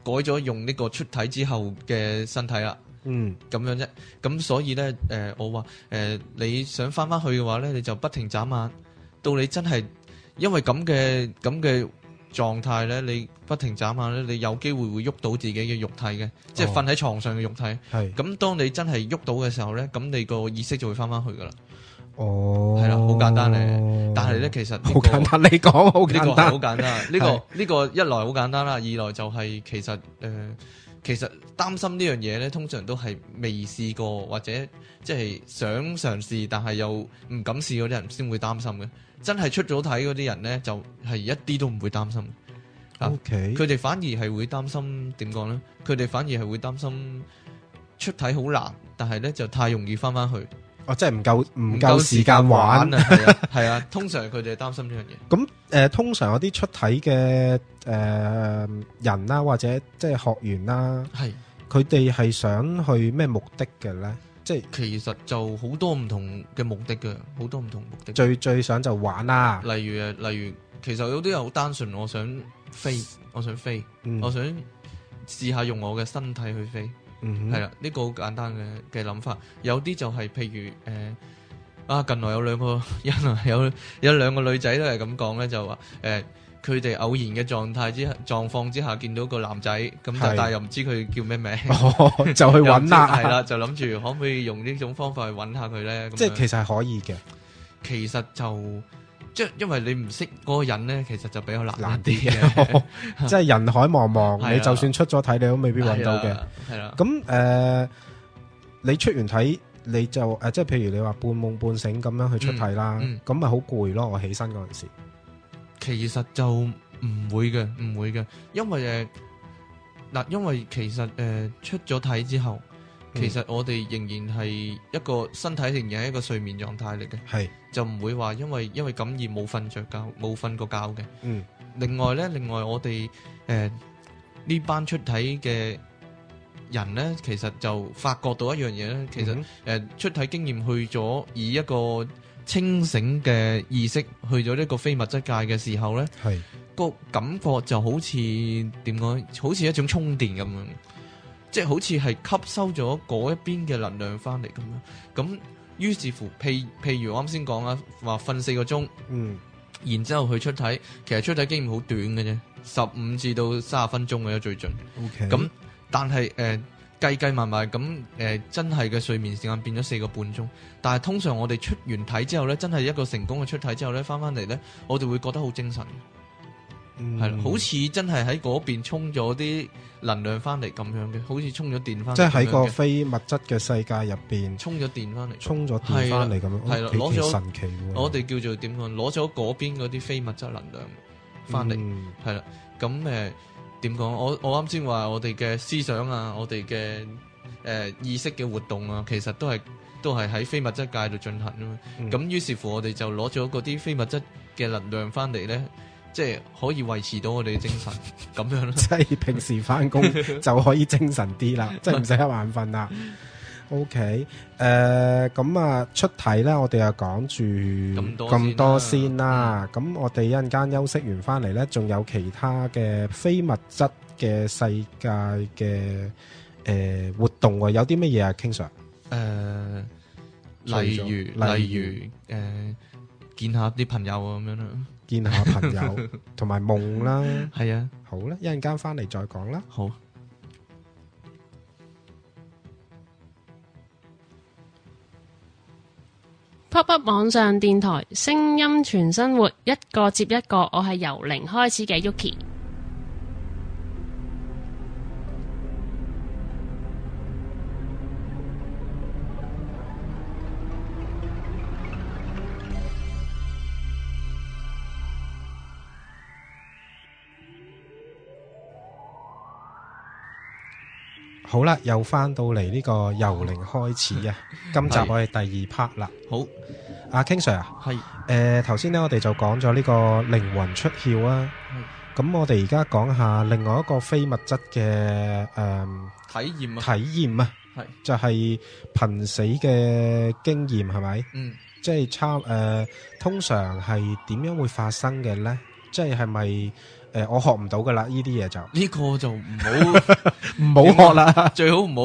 改咗用呢個出體之後嘅身體啦。嗯，咁樣啫。咁所以呢，誒我話誒你想翻翻去嘅話呢，你就不停眨眼。到你真係因為咁嘅咁嘅狀態呢，你不停眨眼呢，你有機會會喐到自己嘅肉體嘅，即係瞓喺床上嘅肉體。係。咁當你真係喐到嘅時候呢，咁你個意識就會翻翻去噶啦。哦，係啦，好簡單咧。但係咧，其實好、這個、簡單。你講好簡單，好簡單。呢 是的、這個呢、這個一來好簡單啦，二來就係其實誒、呃，其實擔心呢樣嘢咧，通常都係未試過或者即係想嘗試，但係又唔敢試嗰啲人先會擔心嘅。真係出咗體嗰啲人咧，就係、是、一啲都唔會擔心，Okay. 心。佢哋反而係會擔心點講咧？佢哋反而係會擔心出體好難，但係咧就太容易翻翻去。即係唔夠唔夠時間玩啊！係 啊，啊，通常佢哋擔心呢樣嘢。咁誒、 呃，通常有啲出體嘅誒人啦、啊，或者即係學員啦、啊，係佢哋係想去咩目的嘅咧？即、就、係、是、其實就好多唔同嘅目的噶，好多唔同目的。的目的最最想就玩啦、啊。例如誒，例如其實有啲人好單純，我想飛，我想飛，嗯、我想試下用我嘅身體去飛。嗯，係啦，呢、這個好簡單嘅嘅諗法，有啲就係、是、譬如誒，啊、呃，近來有兩個人啊， 有有兩個女仔都係咁講咧，就話誒，佢、呃、哋偶然嘅狀態之狀況之下，狀況之下見到個男仔，咁是但係又唔知佢叫咩名，就去揾啦，係啦，就諗住可唔可以用呢種方法去揾下佢咧？即係是樣其實係可以嘅，其實就。即係因為你唔識嗰個人咧，其實就比較難難啲嘅。即係人海茫茫，你就算出咗體，你都未必揾到嘅。係啦，咁誒，你出完體，你就誒，即係譬如你話半夢半醒咁樣去出體啦，咁咪好攰咯。我起身嗰陣時，其實就唔會嘅，唔會嘅，因為誒嗱，因為其實誒出咗體之後。其實我哋仍然係一個身體，仍然係一個睡眠狀態嚟嘅。是就唔會話因為因為咁而冇瞓着覺，冇瞓過覺嘅。嗯、另外呢，另外我哋誒呢班出體嘅人呢，其實就發覺到一樣嘢咧，嗯、其實誒、呃、出體經驗去咗以一個清醒嘅意識去咗呢個非物質界嘅時候咧，是個感覺就好似點講，好似一種充電咁樣。嗯即係好似係吸收咗嗰一邊嘅能量翻嚟咁樣，咁於是乎，譬譬如我啱先講啦，話瞓四個鐘，嗯，然之後去出體，其實出體經驗好短嘅啫，十五至到三十分鐘嘅啫最盡。OK。嗯。咁但係誒計計埋埋咁誒真係嘅睡眠時間變咗四個半鐘，但係通常我哋出完體之後咧，真係一個成功嘅出體之後咧，翻翻嚟咧，我哋會覺得好精神。係，好似真係喺嗰邊充咗啲能量翻嚟咁樣嘅，好似充咗電翻嚟。即係喺個非物質嘅世界入邊，充咗電翻嚟，充咗電翻嚟咁樣，攞咗的、哦、神奇嘅。我哋叫做點講？攞咗嗰邊嗰啲非物質能量翻嚟，係啦、嗯。咁誒，點講、呃？我我啱先話我哋嘅思想啊，我哋嘅誒意識嘅活動啊，其實都係都係喺非物質界度進行啊嘛。咁於、嗯、是乎，我哋就攞咗嗰啲非物質嘅能量翻嚟咧。即係可以維持到我哋嘅精神，咁樣咯，即係平時翻工就可以精神啲啦， 即係唔使瞌眼瞓啦。O K，誒，咁啊，出題咧，我哋又講住咁多先啦、啊。咁、啊嗯、我哋一陣間休息完翻嚟咧，仲有其他嘅非物質嘅世界嘅誒、呃、活動、啊，有啲乜嘢啊？King Sir 誒，例如例如誒如如、呃，見下啲朋友咁、啊、樣啦。見下朋友，同埋夢啦。係啊，好啦，一陣間返嚟再講啦。好。Pop Up 網上電台，聲音全生活，一個接一個。我係由零開始嘅 Yuki。好啦，又翻到嚟呢個由零開始啊！是今集我哋第二 part 啦。好，阿、啊、King Sir 啊，係誒頭先咧，呃、我哋就講咗呢個靈魂出竅啊。咁是我哋而家講下另外一個非物質嘅誒體驗啊，體驗啊，係、啊、是就係瀕死嘅經驗係咪？嗯，即係差誒，通常係點樣會發生嘅呢？即係係咪？誒、呃，我學唔到噶啦，呢啲嘢就呢個就唔好唔好學啦了，最好唔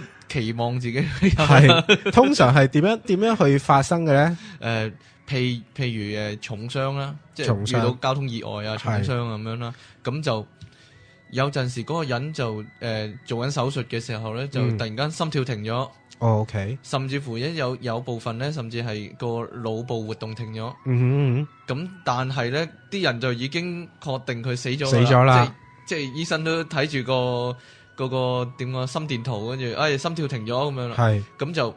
好期望自己係 通常係點樣點 樣去發生嘅呢？誒、呃，譬譬如誒、呃，重傷啦，即係遇到交通意外傷啊，重傷咁樣啦，咁是就。有陣時嗰個人就誒做緊手術嘅時候咧，就突然間心跳停咗。哦，OK。甚至乎一有有部分咧，甚至係個腦部活動停咗。嗯哼。咁但係咧，啲人就已經確定佢死咗啦。死咗啦。即係醫生都睇住個嗰個點個心電圖，跟住誒心跳停咗咁樣啦。係。咁就，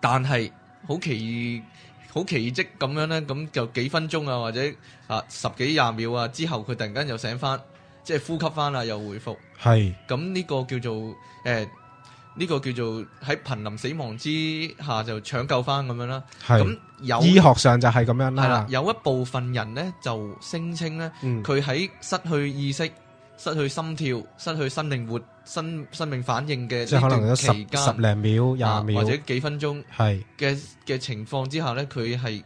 但係好奇好奇跡咁樣咧，咁就幾分鐘啊，或者啊十幾廿秒啊之後，佢突然間又醒返。即係呼吸翻啦，又回復係。咁呢個叫做誒，呢個叫做喺瀕臨死亡之下就搶救翻咁樣啦。係咁，有醫學上就係咁樣啦。係啦，有一部分人咧就聲稱咧，佢喺失去意識、失去心跳、失去生命活、生生命反應嘅，即係可能有時間十十零秒、廿秒或者幾分鐘係嘅嘅情況之下咧，佢係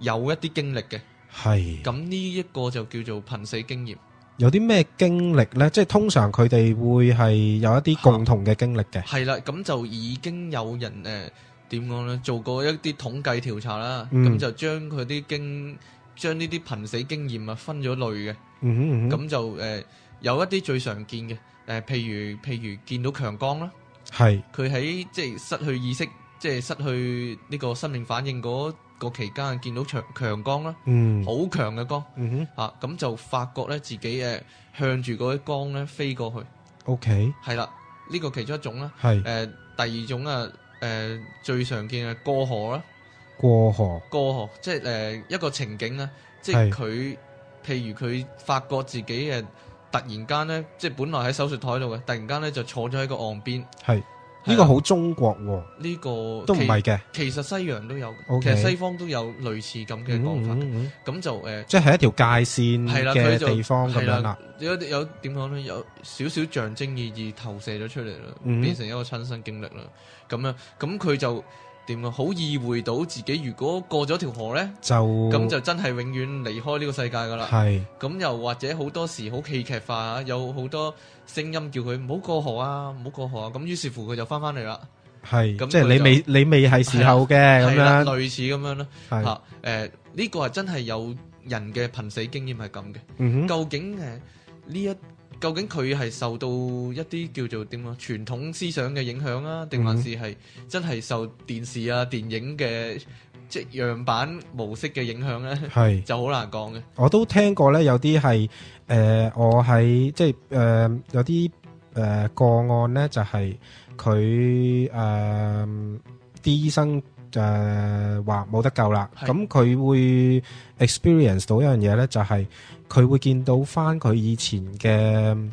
有一啲經歷嘅。係咁呢一個就叫做瀕死經驗。有啲咩經歷呢？即係通常佢哋會係有一啲共同嘅經歷嘅。係啦，咁就已經有人，誒，點講呢？做過一啲統計調查啦，咁就將佢啲經將呢啲瀕死經驗啊，分咗類嘅。咁就誒有一啲最常見嘅誒，譬如譬如見到強光啦，係佢喺即係失去意識，即係失去呢個生命反應嗰個期間見到強強光啦，嗯，好強嘅光，嗯哼，啊，咁就發覺咧自己誒、呃、向住嗰啲光咧飛過去，OK，係啦，呢個其中一種啦，係，誒、呃，第二種啊，誒、呃，最常見嘅過河啦，過河，過河，即係、呃、誒一個情景啊，即係佢，譬如佢發覺自己誒突然間咧，即係本來喺手術台度嘅，突然間咧就坐咗喺個岸邊，係。呢個好中國喎、啊，呢、呢個都唔係嘅。其實西洋都有，Okay. 其實西方都有類似咁嘅講法。咁 就誒，就即係一條界線嘅地方咁樣啦。有有點講咧，有少少象徵意義投射咗出嚟咯，嗯、變成一個親身經歷啦。咁樣咁佢就。點啊？好意會到自己，如果過咗條河呢，就咁就真係永遠離開呢個世界噶啦。係咁，又或者好多時好戲劇化啊，有好多聲音叫佢唔好過河啊，唔好過河啊。咁於是乎佢就翻翻嚟啦。係咁，即係你未你未係時候嘅咁樣，類似咁樣咯。吓，誒，呢個係真係有人嘅瀕死經驗係咁嘅。嗯哼，究竟誒呢一？究竟佢係受到一啲叫做點啊傳統思想嘅影響啊，定還是係真係受電視啊、電影嘅即係樣板模式嘅影響咧？係就好難講嘅。我都聽過咧，有啲係誒，我喺即係誒有啲誒個案咧，就係佢誒啲醫生。誒話冇得救啦，咁佢是會 experience 到一樣嘢咧，就係、是、佢會見到翻佢以前嘅誒、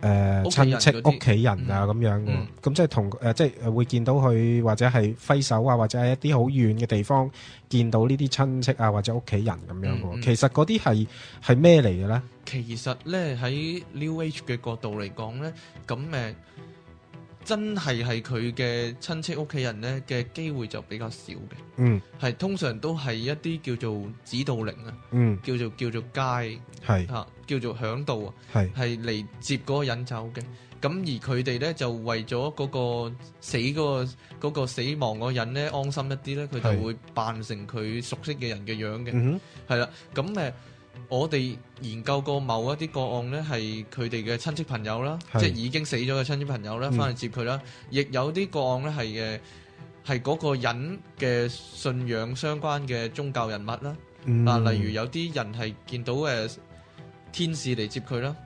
呃、親戚、屋企人啊咁樣，咁即係同誒，即、呃、係、就是、會見到佢或者係揮手啊，或者係一啲好遠嘅地方見到呢啲親戚啊或者屋企人咁樣嘅。嗯嗯、其實嗰啲係係咩嚟嘅咧？呢其實咧喺 New Age 嘅角度嚟講咧，咁誒。呃真係係佢嘅親戚屋企人呢嘅機會就比較少嘅，嗯，係通常都係一啲叫做指導靈啊，嗯，叫做叫做街係吓，叫做響度啊，係係嚟接嗰個人走嘅，咁而佢哋呢就為咗嗰個死嗰個嗰個死亡嗰個人呢安心一啲呢，佢就會扮成佢熟悉嘅人嘅樣嘅，係啦，咁誒。我哋研究過某一啲個案咧，係佢哋嘅親戚朋友啦，是即係已經死咗嘅親戚朋友啦，翻去接佢啦。亦、嗯、有啲個案咧係嘅，係嗰個人嘅信仰相關嘅宗教人物啦。嗱、嗯啊，例如有啲人係見到誒、呃、天使嚟接佢啦，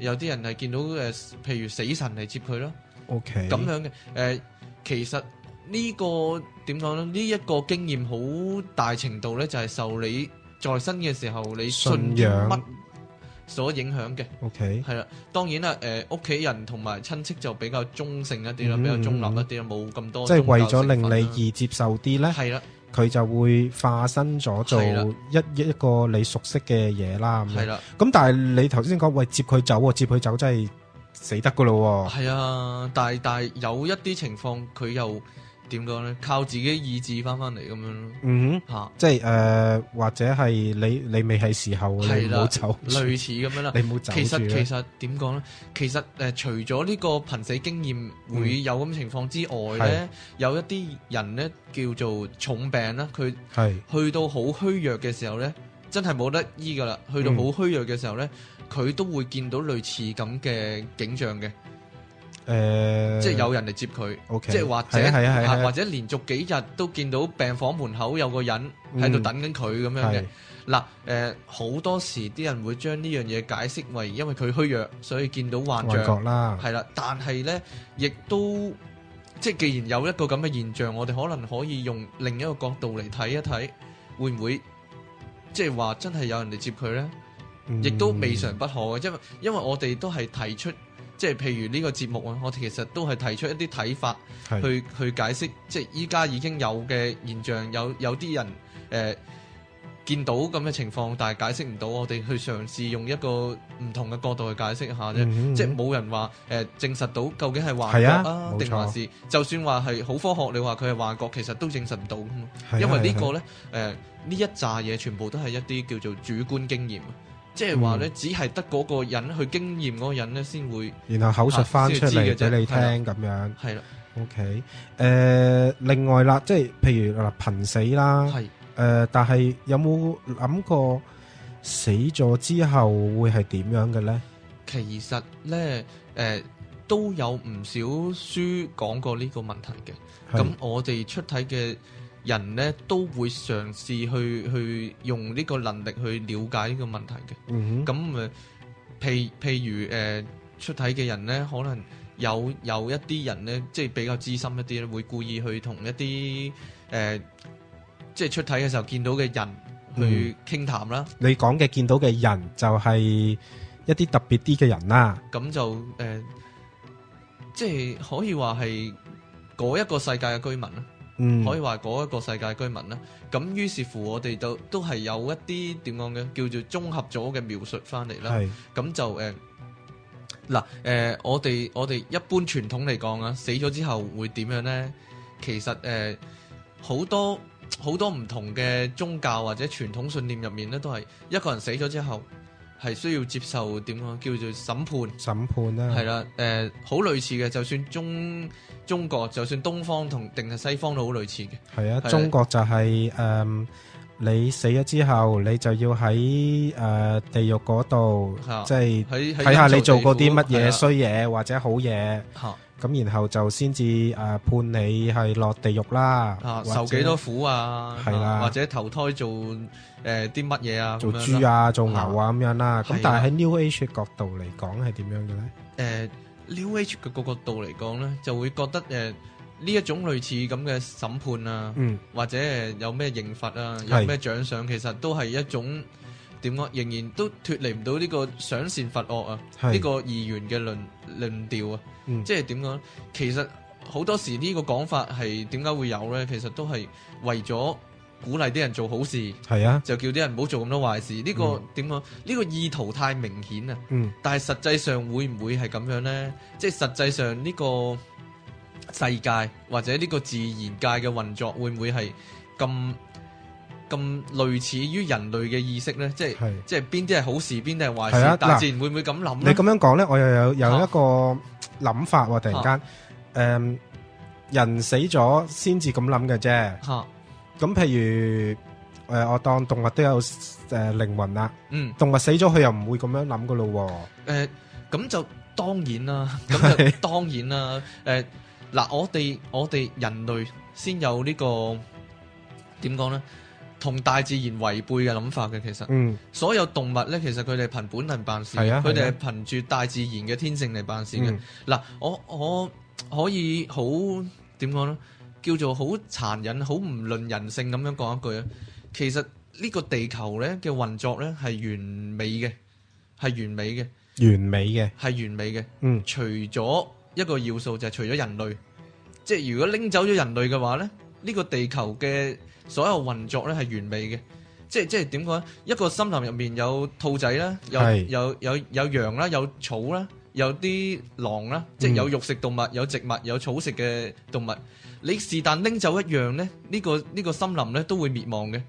有啲人係見到誒、呃、譬如死神嚟接佢啦。OK，咁樣嘅誒、呃，其實、這個、呢個點講咧？呢、這、一個經驗好大程度咧，就係受你。在生嘅時候，你信仰乜所影響嘅。OK，係啦，當然啦，誒，屋企人同埋親戚就比較中性一啲啦，比較中立一啲啦，冇咁多。即係為咗令你易接受啲呢，係啦，佢就會化身咗做一一個你熟悉嘅嘢啦。係啦，咁但係你頭先講喂，接佢走啊，接佢走真係死得噶咯。係啊，但係但係有一啲情況佢又，點講咧？靠自己意志翻翻嚟咁樣咯。嗯吓，啊、即係誒、呃，或者係你，你未係時候，的你唔好走。類似咁樣啦，你唔好走。其實其實點講咧？其實誒、呃，除咗呢個瀕死經驗會、嗯、有咁情況之外咧，的有一啲人咧，叫做重病啦，佢係去到好虛弱嘅時候咧，真係冇得醫噶啦。嗯、去到好虛弱嘅時候咧，佢都會見到類似咁嘅景象嘅。誒，即係有人嚟接佢，okay，即係或者吓，是是是是是或者連續幾日都見到病房門口有個人喺度等緊佢咁樣嘅。嗱是，誒，好、呃、多時啲人會將呢樣嘢解釋為，因為佢虛弱，所以見到幻象。外國啦，係啦，但係呢，亦都即係既然有一個咁嘅現象，我哋可能可以用另一個角度嚟睇一睇，會唔會即係話真係有人嚟接佢呢？亦、嗯、都未嘗不可，因為因為我哋都係提出。即係譬如呢個節目啊，我哋其實都係提出一啲睇法去，去是去解釋，即係依家已經有嘅現象，有有啲人誒、呃、見到咁嘅情況，但係解釋唔到，我哋去嘗試用一個唔同嘅角度去解釋一下啫。嗯嗯，即係冇人話誒、呃、證實到究竟係幻覺啊，定、啊、還是就算話係好科學，你話佢係幻覺，其實都證實唔到嘅嘛。因為個呢個咧誒呢一紮嘢全部都係一啲叫做主觀經驗，即係話咧，只係得嗰個人、嗯、去經驗嗰個人咧，先會然後口述翻出嚟俾你聽咁的樣。係啦的，OK，誒、呃，另外啦，即、就、係、是、譬如嗱，瀕死啦，係誒的、呃，但係有冇諗過死咗之後會係點樣嘅咧？其實咧，誒、呃，都有唔少書講過呢個問題嘅。咁的我哋出體嘅。人咧都會嘗試去去用呢個能力去了解呢個問題嘅，咁誒、嗯哼，譬譬如誒、呃、出體嘅人咧，可能有有一啲人咧，即係比較資深一啲咧，會故意去同一啲誒、呃，即係出體嘅時候見到嘅人去傾、嗯、談、談啦。你講嘅見到嘅人就係一啲特別啲嘅人啦，咁就誒、呃，即係可以話係嗰一個世界嘅居民啦。嗯，可以話嗰一個世界居民啦，咁於是乎我哋就都係有一啲點講嘅，叫做綜合咗嘅描述翻嚟啦。咁是就誒，嗱、呃、誒、呃呃呃，我哋我哋一般傳統嚟講啊，死咗之後會點樣呢？其實誒，好、呃、多好多唔同嘅宗教或者傳統信念入面咧，都係一個人死咗之後。係需要接受點樣叫做審判，審判啦，係啦，誒、呃，好類似嘅，就算中中國，就算東方同定係西方都好類似嘅。係啊的，的中國就係、是、誒、呃，你死咗之後，你就要喺誒、呃、地獄嗰度，即係睇下你做過啲乜嘢衰嘢或者好嘢。的咁然後就先至誒判你係落地獄啦，受幾多苦啊？係啦，或者投胎做誒啲乜嘢啊？做豬啊做牛啊咁樣啦。咁但係喺 New Age 嘅角度嚟講係點樣嘅咧？誒，New Age 嘅個角度嚟講咧，就會覺得誒呢一種類似咁嘅審判啊，嗯，或者有咩刑罰啊，有咩獎賞，其實都係一種。點講，仍然都脫離唔到呢個賞善罰惡啊，呢個意念嘅論論調啊，即係點講？其實好多時呢個講法係點解會有呢？其實都係為咗鼓勵啲人做好事，係啊，就叫啲人唔好做咁多壞事。呢個點講？呢個意圖太明顯啊！但係實際上會唔會係咁樣呢？即係實際上呢個世界或者呢個自然界嘅運作會唔會係咁？咁類似於人類嘅意識咧，即係即係邊啲係好事，邊啲係壞事，大自然會唔會咁諗咧？你咁樣講咧，我又有有一個諗法，突然間，誒，人死咗先至咁諗嘅啫。咁譬如誒，我當動物都有誒靈魂啦，嗯，動物死咗，佢又唔會咁樣諗噶咯。誒，咁就當然啦，咁就當然啦。誒，嗱，我哋我哋人類先有呢個點講咧？同大自然違背嘅諗法嘅，其實、嗯、所有動物呢，其實佢哋憑本能辦事，佢哋係憑住大自然嘅天性嚟辦事嘅。嗱、嗯，我我可以好點講呢？叫做好殘忍、好唔論人性咁樣講一句啊。其實呢個地球呢嘅運作呢，係完美嘅，係完美嘅，完美嘅，係完美嘅。嗯，除咗一個要素就係、是、除咗人類，即係如果拎走咗人類嘅話呢。呢個地球嘅所有運作咧係完美嘅，即係即係點講？一個森林入面有兔仔啦，有有有有羊啦，有草啦，有啲狼啦，即係有肉食動物，有植物，有草食嘅動物。你是但拎走一樣咧，呢個呢個森林咧都會滅亡嘅。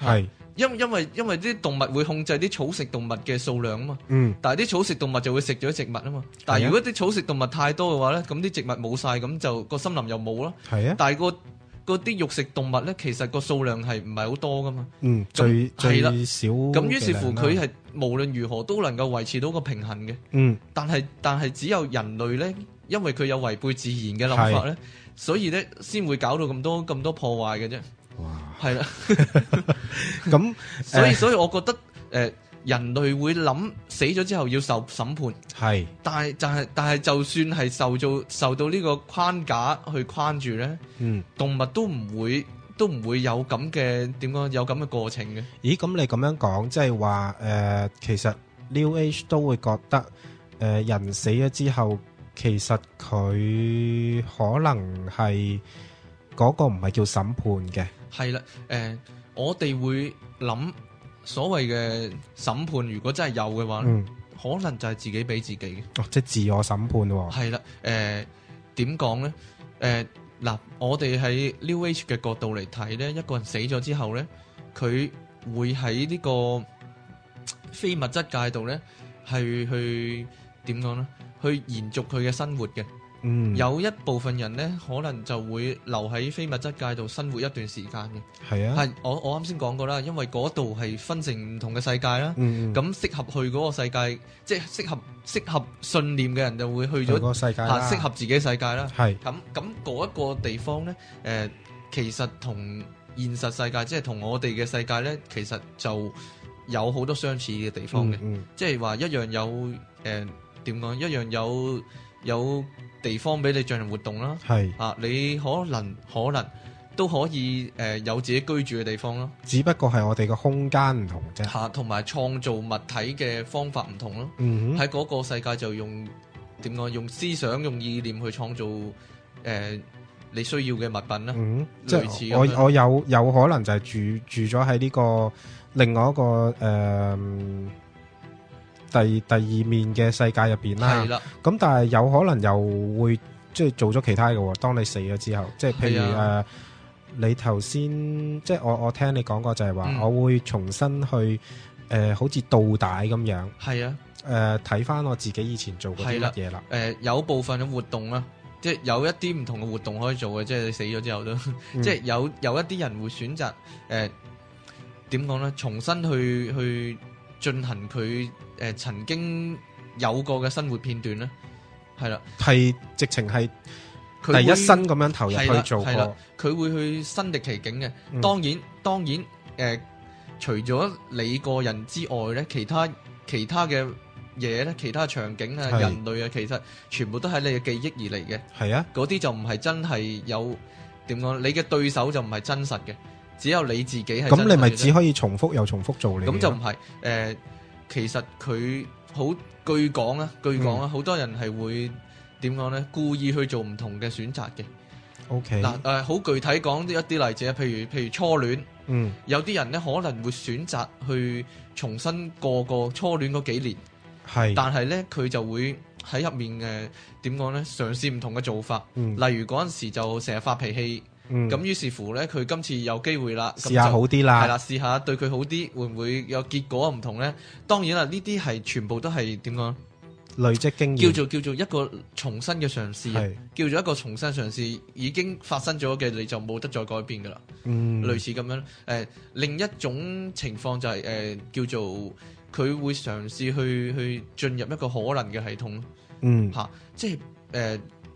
係，因因為因為啲動物會控制啲草食動物嘅數量啊嘛。嗯。但係啲草食動物就會食咗植物啊嘛。但係如果啲草食動物太多嘅話咧，咁啲植物冇晒，咁就個森林又冇咯。係啊。但係個嗰啲肉食動物咧，其實個數量係唔係好多噶嘛？嗯，最係啦，最少咁。於是乎，佢係無論如何都能夠維持到個平衡嘅。嗯，但係但係只有人類咧，因為佢有違背自然嘅諗法咧，所以咧先會搞到咁多咁多破壞嘅啫。哇，係啦，咁所以所以我覺得誒。人類會諗死咗之後要受審判，係是，但係就係，但係就算係受做受到呢個框架去框住咧，嗯，動物都唔會都唔會有咁嘅點講，有咁嘅過程嘅。咦？咁你咁樣講，即係話誒，其實 New Age 都會覺得誒、呃、人死咗之後，其實佢可能係嗰、那個唔係叫審判嘅。係啦，誒、呃，我哋會諗。所謂嘅審判，如果真係有嘅話咧，嗯、可能就係自己俾自己嘅、哦，即係自我審判喎、哦。係啦，誒點講咧？誒嗱、呃，我哋喺 New Age 嘅角度嚟睇咧，一個人死咗之後咧，佢會喺呢個非物質界度咧，係去點講咧？去延續佢嘅生活嘅。嗯，有一部分人咧，可能就會留喺非物質界度生活一段時間嘅。係啊，係我我啱先講過啦，因為嗰度係分成唔同嘅世界啦。嗯，咁適合去嗰個世界，即係適合適合信念嘅人就會去咗個世界啦，適合自己嘅世界啦。係，咁咁嗰一個地方咧，誒，其實同現實世界，即係同我哋嘅世界咧，其實就有好多相似嘅地方嘅。嗯，即係話一樣有，誒，點講？一樣有有。地方俾你進行活動啦，係是啊，你可能可能都可以誒、呃、有自己居住嘅地方咯，只不過係我哋個空間唔同啫，嚇、啊，同埋創造物體嘅方法唔同咯，喺嗰、嗯、哼個世界就用點樣？用思想、用意念去創造誒、呃、你需要嘅物品咧，嗯哼，類似 即係我我，我有有可能就係住住咗喺呢個另外一個誒。呃第二第二面嘅世界入邊啦，咁的但係有可能又會即係做咗其他嘅。當你死咗之後，即係譬如誒的、呃，你頭先即係我我聽你講過就係話，嗯、我會重新去誒、呃，好似倒帶咁樣。係啊的，誒、呃，睇翻我自己以前做過啲乜嘢啦。誒、呃，有部分嘅活動啦，即係有一啲唔同嘅活動可以做嘅，即係你死咗之後都，嗯、即係有有一啲人會選擇誒，點講咧？重新去去進行佢。誒，曾經有過嘅生活片段咧，係啦，係會直情係第一身咁樣投入去做，佢會去身歷其境嘅。嗯、當然，當然，誒、呃，除咗你個人之外咧，其他其他嘅嘢咧，其他場景啊，的人類啊，其實全部都喺你嘅記憶而嚟嘅。係啊的，嗰啲就唔係真係有點講，你嘅對手就唔係真實嘅，只有你自己係。咁你咪只可以重複又重複做你咧？咁就唔係誒。呃其實佢好據講啦，據講啦，好、嗯、多人係會點講呢？故意去做唔同嘅選擇嘅。O K，嗱誒，好具體講一啲例子啊，譬如譬如初戀，嗯、有啲人咧可能會選擇去重新過過初戀嗰幾年，是但係呢，佢就會喺入面嘅點講呢？嘗試唔同嘅做法，嗯、例如嗰陣時就成日發脾氣。咁、嗯、於是乎呢，佢今次有機會試一就啦，試下好啲啦，係啦，試下對佢好啲，會唔會有結果唔同呢？當然啦，呢啲係全部都係點講？累積經驗叫做叫做一個重新嘅嘗試，叫做一個重新嘗試是已經發生咗嘅，你就冇得再改變噶啦。嗯，類似咁樣。誒、呃，另一種情況就係、是、誒、呃、叫做佢會嘗試去去進入一個可能嘅系統。嗯，嚇、啊，即係誒。呃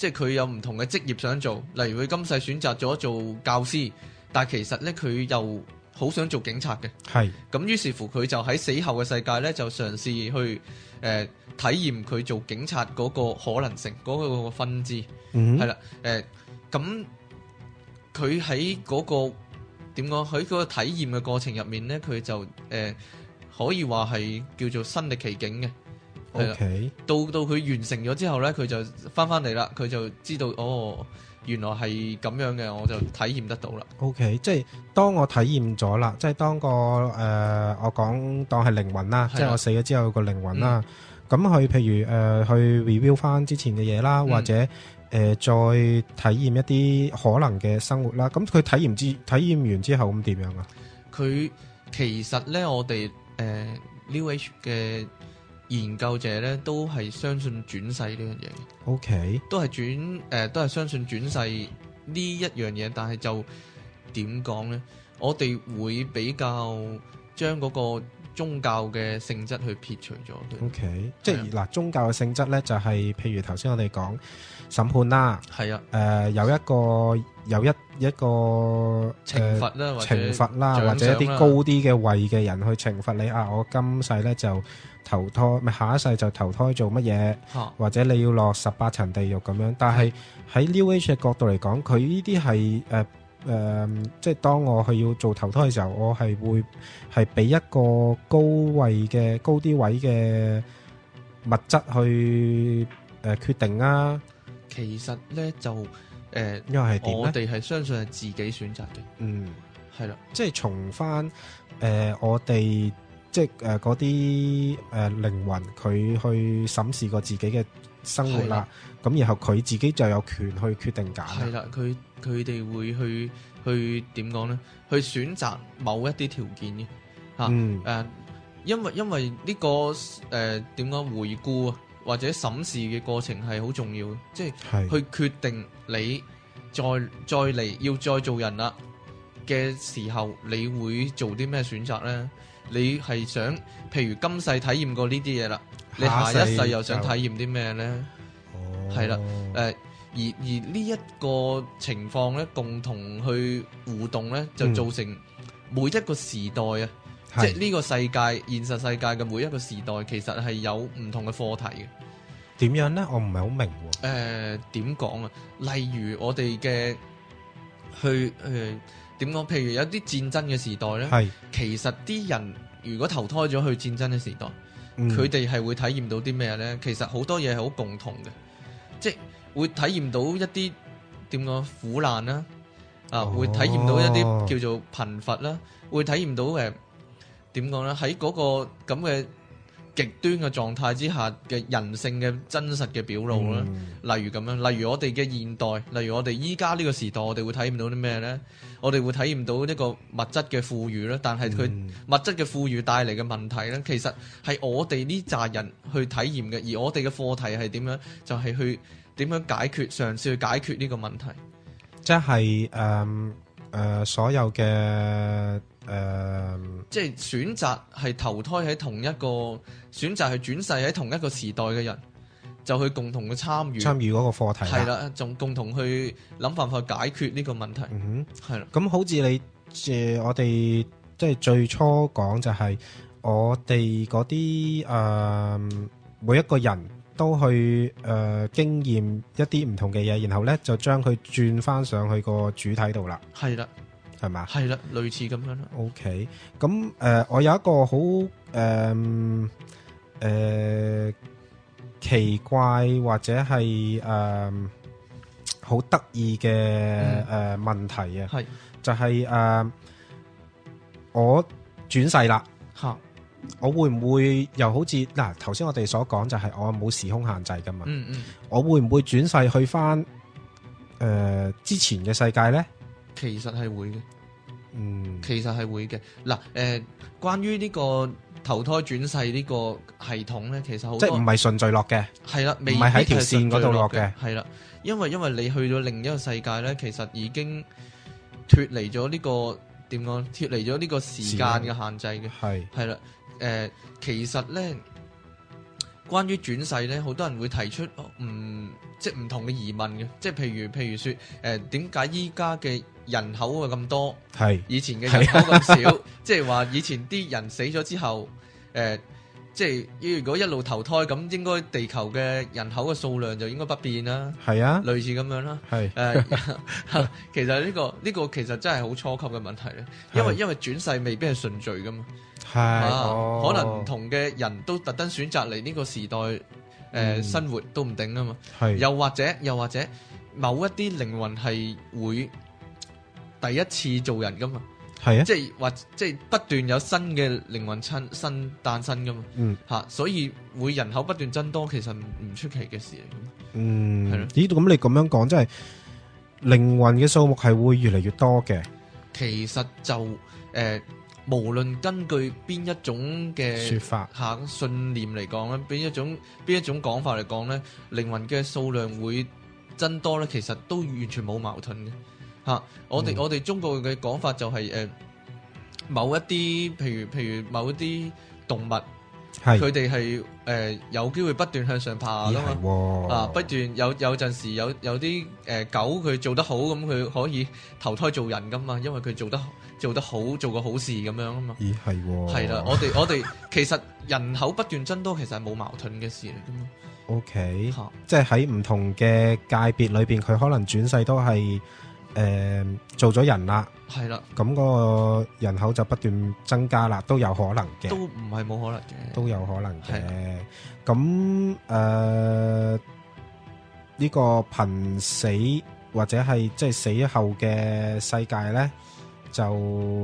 即係佢有唔同嘅職業想做，例如佢今世選擇咗做教師，但係其實呢，佢又好想做警察嘅。係咁，於是乎佢就喺死後嘅世界呢，就嘗試去誒、呃、體驗佢做警察嗰個可能性，嗰、那個分支係啦。誒、嗯，咁佢喺嗰個點講喺嗰個體驗嘅過程入面呢，佢就誒、呃、可以話係叫做身歷其境嘅。係啦，Okay. 到到佢完成咗之後呢，佢就翻翻嚟啦。佢就知道哦，原來係咁樣嘅，我就體驗得到啦。O、okay. K，即係當我體驗咗啦，即係當個誒、呃，我講當係靈魂啦， 即係我死咗之後個靈魂啦。咁佢、嗯、譬如誒、呃、去 review 翻之前嘅嘢啦，嗯、或者誒、呃、再體驗一啲可能嘅生活啦。咁、啊、佢體驗之體驗完之後，咁點樣啊？佢其實呢，我哋誒、呃、New Age 嘅。研究者咧，都係相信轉世呢樣嘢，OK 都係轉誒都係相信轉世呢一樣嘢，但係就點講咧？我哋會比較將嗰個宗教嘅性質去撇除咗。O K，即係嗱，宗教嘅性質呢、就是，就係譬如頭先我哋講審判啦，係啊，誒、呃、有一個有一一個懲罰啦，呃、懲罰啦，或者，或者一啲高啲嘅位嘅人去懲罰你啊，我今世呢就投胎，咪下一世就投胎做乜嘢，啊、或者你要落十八層地獄咁樣。但係喺 New Age 嘅角度嚟講，佢呢啲係誒。呃誒、嗯，即係當我去要做投胎嘅時候，我係會係俾一個高位嘅高啲位嘅物質去誒、呃、決定啦、啊。其實呢，就誒，呃、因為係點我哋係相信係自己選擇嘅。嗯，係啦的、呃，即係從翻誒我哋即係嗰啲誒靈魂佢去審視過自己嘅生活啦，咁的然後佢自己就有權去決定揀。係啦，佢。佢哋會去去點講呢？去選擇某一啲條件嘅吓，誒，嗯，啊，因為因為呢個誒點講回顧或者審視嘅過程係好重要，即係去決定你再再嚟要再做人啦嘅時候，你會做啲咩選擇呢？你係想譬如今世體驗過呢啲嘢啦，你下一世又想體驗啲咩呢？係啦，誒，哦。而而呢一個情況咧，共同去互動咧，就造成每一個時代啊，嗯、即係呢個世界、係，現實世界嘅每一個時代，其實係有唔同嘅課題嘅。點樣咧？我唔係好明喎。誒、呃，點講啊？例如我哋嘅去、呃點講？譬如有啲戰爭嘅時代咧，係，其實啲人如果投胎咗去戰爭嘅時代，佢哋係會體驗到啲咩咧？其實好多嘢係好共同嘅，即係。會體驗到一啲點講苦難啦，啊、哦、會體驗到一啲叫做貧乏啦，哦、會體驗到誒點講咧，喺嗰個咁嘅極端嘅狀態之下嘅人性嘅真實嘅表露啦，嗯、例如咁樣，例如我哋嘅現代，例如我哋依家呢個時代，我哋會體驗到啲咩咧？我哋會體驗到呢個物質嘅富裕啦。但係佢物質嘅富裕帶嚟嘅問題咧，嗯、其實係我哋呢扎人去體驗嘅，而我哋嘅課題係點樣？就係、是、去。點樣解決？嘗試去解決呢個問題，即係誒誒，所有嘅誒，呃、即係選擇係投胎喺同一個，選擇係轉世喺同一個時代嘅人，就去共同去參與，參與嗰個課題，係啦，仲共同去諗辦法解決呢個問題。嗯哼，係啦的。咁好似你借、呃、我哋即係最初講就係、是、我哋嗰啲誒，每一個人。都去誒、呃、經驗一啲唔同嘅嘢，然後咧就將佢轉翻上去個主體度啦。係啦的，係嘛吧？係啦，類似咁樣咯。OK，咁誒、呃，我有一個好誒誒奇怪或者係誒好得意嘅誒問題啊，係的就係、是、誒、呃、我轉世啦。好。我會唔會又好似嗱頭先我哋所講就係我冇時空限制噶嘛？嗯嗯，嗯我會唔會轉世去翻誒、呃、之前嘅世界呢？其實係會嘅，嗯，其實係會嘅。嗱、啊，誒、呃，關於呢個投胎轉世呢個系統呢，其實好多人即係唔係順序落嘅，係啦，未係喺條線嗰度、嗯、落嘅，係啦，因為因為你去咗另一個世界呢，其實已經脫離咗呢個點講，脫離咗呢個時間嘅限制嘅，係係啦。誒、呃，其實咧，關於轉世咧，好多人會提出唔即係唔同嘅疑問嘅，即係譬如譬如說，誒、呃，點解依家嘅人口啊咁多？係是以前嘅人口咁少？ 即係話以前啲人死咗之後，誒、呃，即係如果一路投胎咁，應該地球嘅人口嘅數量就應該不變啦。係啊，類似咁樣啦。係誒是，呃、 其實呢、這個呢、這個其實真係好初級嘅問題咧，因為是因為轉世未必係順序㗎嘛。係可能唔同嘅人都特登選擇嚟呢個時代誒、呃嗯、生活都唔定啊嘛。係是，又或者又或者某一啲靈魂係會第一次做人噶嘛。係啊，即係或即係不斷有新嘅靈魂出新誕生噶嘛。嗯，吓、啊，所以會人口不斷增多，其實唔出奇嘅事嚟嘅。嗯，係咯的。咦，咁你咁樣講，即係靈魂嘅數目係會越嚟越多嘅。其實就誒。呃呃呃.無論根據邊一種嘅説法吓、信念嚟講咧，邊一種邊一種講法嚟講咧，靈魂嘅數量會增多咧，其實都完全冇矛盾嘅吓。我哋、嗯、我哋中國嘅講法就係、誒、呃、某一啲，譬如譬如某一啲動物。係佢哋係誒，有機會不斷向上爬噶嘛，欸，啊不斷有有陣時有有啲誒、呃、狗佢做得好，咁佢可以投胎做人噶嘛，因為佢做得做得好做個好事咁樣啊嘛咦，係係啦我哋，我哋 其實人口不斷增多，其實係冇矛盾嘅事嚟噶嘛 OK 即係喺唔同嘅界別裏邊佢可能轉世都係。誒，做咗人啦，係啦，咁嗰個人口就不斷增加啦，都有可能嘅，都唔係冇可能嘅，都有可能嘅。咁誒，呢個瀕死或者係即係死後嘅世界呢，就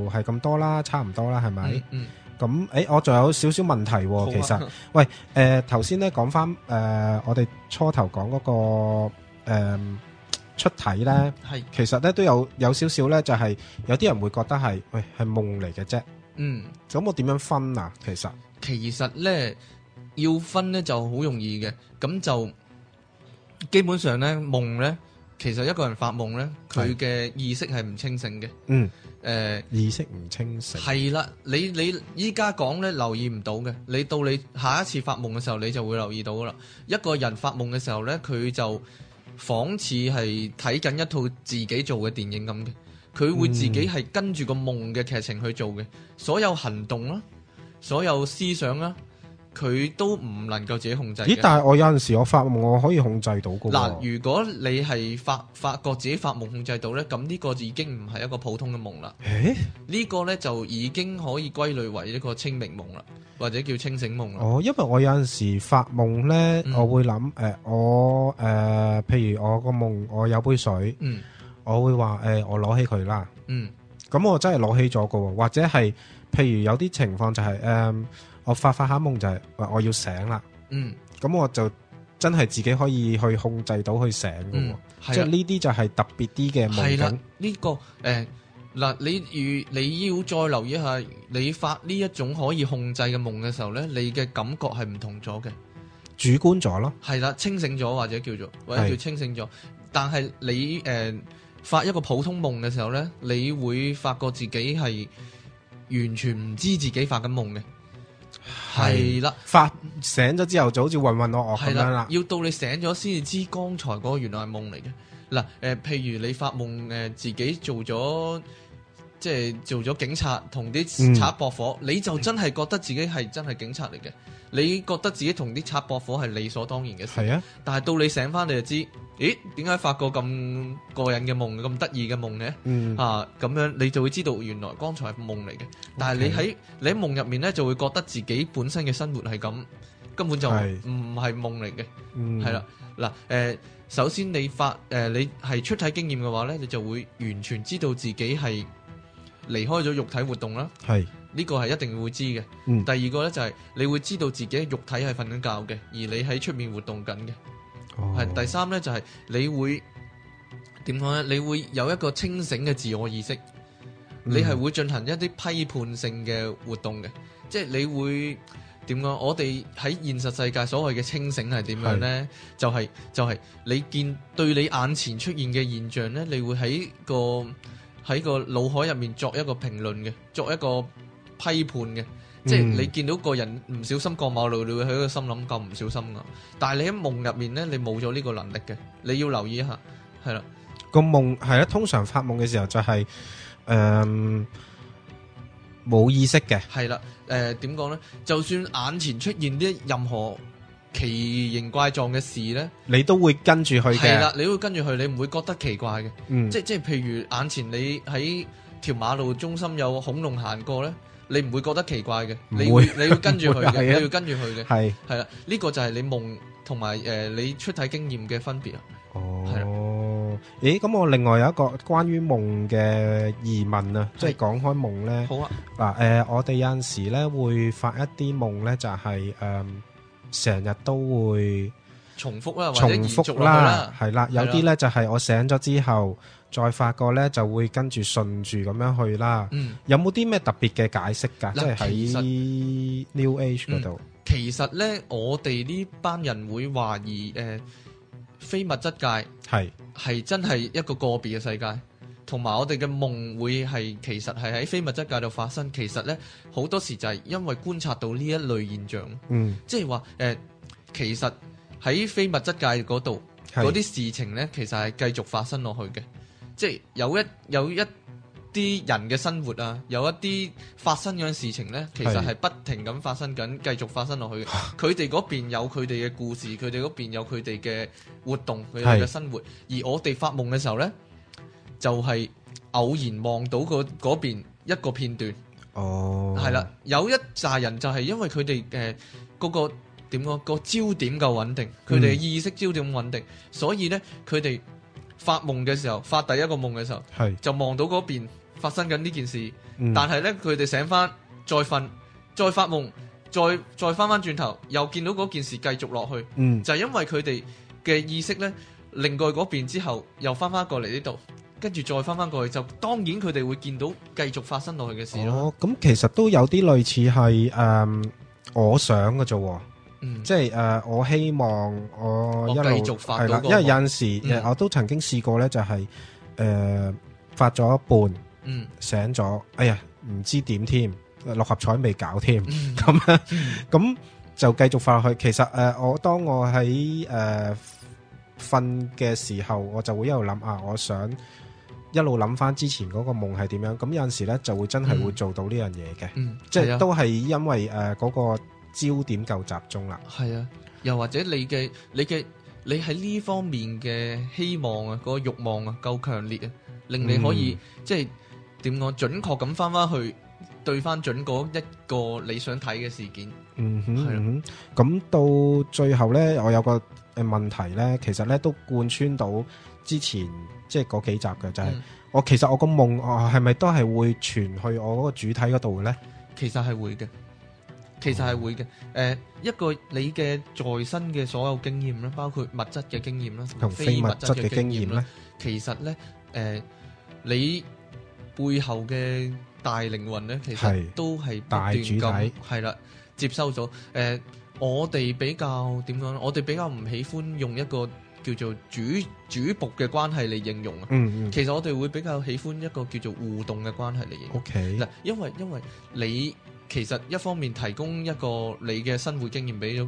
係咁多啦，差唔多啦，係咪？嗯。咁誒，我仲有少少問題，其實，喂，誒，頭先呢講翻，誒，我哋初頭講嗰個，誒。出體咧，其實咧都有有少少咧，就係有啲人會覺得係，喂，係夢嚟嘅啫。嗯，咁我點樣分啊？其實，其實咧要分咧就好容易嘅，咁就基本上咧夢咧，其實一個人發夢咧，佢嘅意識係唔清醒嘅。嗯，誒，意識唔清醒係啦。你你依家講咧，留意唔到嘅。你到你下一次發夢嘅時候，你就會留意到噶啦。一個人發夢嘅時候咧，佢就。仿似係睇緊一套自己做嘅電影咁嘅，佢會自己係跟住個夢嘅劇情去做嘅，所有行動啦、啊，所有思想啦、啊。佢都唔能夠自己控制。咦？但係我有陣時我發夢我可以控制到嘅。嗱，如果你係發發覺自己發夢控制到呢，咁呢個已經唔係一個普通嘅夢啦。呢咦個呢，就已經可以歸類為一個清明夢啦，或者叫清醒夢啦。哦，因為我有陣時發夢呢，嗯、我會諗誒、呃，我誒、呃、譬如我個夢，我有杯水，嗯，我會話誒、呃，我攞起佢啦、嗯就是，嗯，咁我真係攞起咗嘅喎。或者係譬如有啲情況就係誒。我發發下夢就係，話我要醒啦。嗯，咁我就真係自己可以去控制到去醒嘅。嗯，啊、即係呢啲就係特別啲嘅夢。係啦、啊，呢、這個誒嗱、呃，你如你要再留意一下，你發呢一種可以控制嘅夢嘅時候呢，你嘅感覺係唔同咗嘅，主觀咗咯。係啦、啊，清醒咗或者叫做或者叫清醒咗。是但係你誒、呃、發一個普通夢嘅時候呢，你會發覺自己係完全唔知自己發緊夢嘅。係啦，是是發醒咗之後就好似混混噩噩咁樣啦。要到你醒咗先至知剛才嗰個原來係夢嚟嘅。嗱、啊，誒、呃，譬如你發夢誒、呃，自己做咗。即係做咗警察，同啲賊搏火，嗯、你就真係覺得自己係真係警察嚟嘅，你覺得自己同啲賊搏火係理所當然嘅事。係啊，但係到你醒翻，你就知，咦？點解發個咁過癮嘅夢，咁得意嘅夢呢？嗯、啊，咁樣你就會知道原來剛才係夢嚟嘅。Okay, 但係你喺你喺夢入面呢，就會覺得自己本身嘅生活係咁，根本就唔係夢嚟嘅。係啦，嗱，誒，首先你發，誒、呃，你係出體經驗嘅話呢，你就會完全知道自己係。離開咗肉體活動啦，係呢是個係一定會知嘅。嗯、第二個呢，就係你會知道自己肉體係瞓緊覺嘅，而你喺出面活動緊嘅。係、哦、第三呢，就係你會點講呢？你會有一個清醒嘅自我意識，嗯、你係會進行一啲批判性嘅活動嘅。即係你會點講？我哋喺現實世界所謂嘅清醒係點樣呢？是就係、是、就係、是、你見對你眼前出現嘅現象呢，你會喺個。喺個腦海入面作一個評論嘅，作一個批判嘅，即係你見到個人唔小心過馬路，你會喺個心諗咁唔小心啊！但係你喺夢入面呢，你冇咗呢個能力嘅，你要留意下，係啦。個夢係啦，通常發夢嘅時候就係誒冇意識嘅。係啦，誒，點講呢？就算眼前出現啲任何。奇形怪狀嘅事咧，你都會跟住去嘅。係啦，你會跟住去，你唔會覺得奇怪嘅？嗯，即係即係，譬如眼前你喺條馬路中心有恐龍行過咧，你唔會覺得奇怪嘅？唔會，你會跟住去嘅，你要跟住去嘅。係係啦，呢個就係你夢同埋誒，你出體經驗嘅分別。哦，誒，咁我另外有一個關於夢嘅疑問啊，即係講開夢咧。好啊，嗱，誒，我哋有陣時咧會發一啲夢咧，就係誒。成日都會重複啦，啦重複啦，係啦，有啲呢就係、是、我醒咗之後，再發覺呢，就會跟住順住咁樣去啦。嗯、有冇啲咩特別嘅解釋噶？嗯、即係喺實 New Age 嗰度、嗯。其實呢，我哋呢班人會懷疑誒、呃、非物質界係係真係一個個別嘅世界。同埋我哋嘅夢會係其實係喺非物質界度發生，其實呢，好多時就係因為觀察到呢一類現象，即係話誒，其實喺非物質界嗰度嗰啲事情呢，其實係繼續發生落去嘅，是 即係有一有一啲人嘅生活啊，有一啲發生咗嘅事情呢，其實係不停咁發生緊，繼續發生落去。佢哋嗰邊有佢哋嘅故事，佢哋嗰邊有佢哋嘅活動，佢哋嘅生活，是 而我哋發夢嘅時候呢，就係偶然望到嗰邊一個片段，係啦，哦，有一紮人就係因為佢哋誒嗰個點咯，嗰個焦點夠穩定，佢哋嘅意識焦點穩定，所以呢，佢哋發夢嘅時候，發第一個夢嘅時候，係是就望到嗰邊發生緊呢件事，嗯，但係呢，佢哋醒翻再瞓再，再發夢，再再翻翻轉頭又見到嗰件事繼續落去，嗯，就係因為佢哋嘅意識呢，另過嗰邊之後又翻翻過嚟呢度。跟住再翻翻過去，就當然佢哋會見到繼續發生落去嘅事咯。咁其實都有啲類似係誒，我想嘅啫，即係誒，我希望我繼續發。係啦，因為有陣時我都曾經試過呢，就係誒發咗一半，醒咗，哎呀，唔知點添，六合彩未搞添，咁咁就繼續發落去。其實誒，我當我喺誒瞓嘅時候，我就會一路諗啊，我想。一路諗翻之前嗰個夢係點樣，咁有陣時呢就會真係會做到呢樣嘢嘅。嗯嗯、即係、啊、都係因為誒嗰、呃嗰個焦點夠集中啦。係啊，又或者你嘅你嘅你喺呢方面嘅希望啊，個欲望啊夠強烈啊，令你可以、嗯、即係點講，準確咁翻翻去對翻準嗰一個你想睇嘅事件嗯。嗯哼，咁、啊嗯、到最後呢，我有個誒問題呢，其實呢，其實呢都貫穿到之前。即係嗰幾集嘅，就係、是嗯、我其實我個夢，係、啊、咪都係會傳去我嗰個主體嗰度咧？其實係會嘅，其實係會嘅。誒，一個你嘅在身嘅所有經驗啦，包括物質嘅經驗啦，同非物質嘅經驗咧，驗其實咧，誒、呃，你背後嘅大靈魂咧，是其實都係大主體咁係啦，接收咗。誒、呃，我哋比較點講咧？我哋比較唔喜歡用一個。叫做主主僕嘅關係嚟應用啊，其實我哋會比較喜歡一個叫做互動嘅關係嚟應用。O K 嗱，因為因為你其實一方面提供一個你嘅生活經驗俾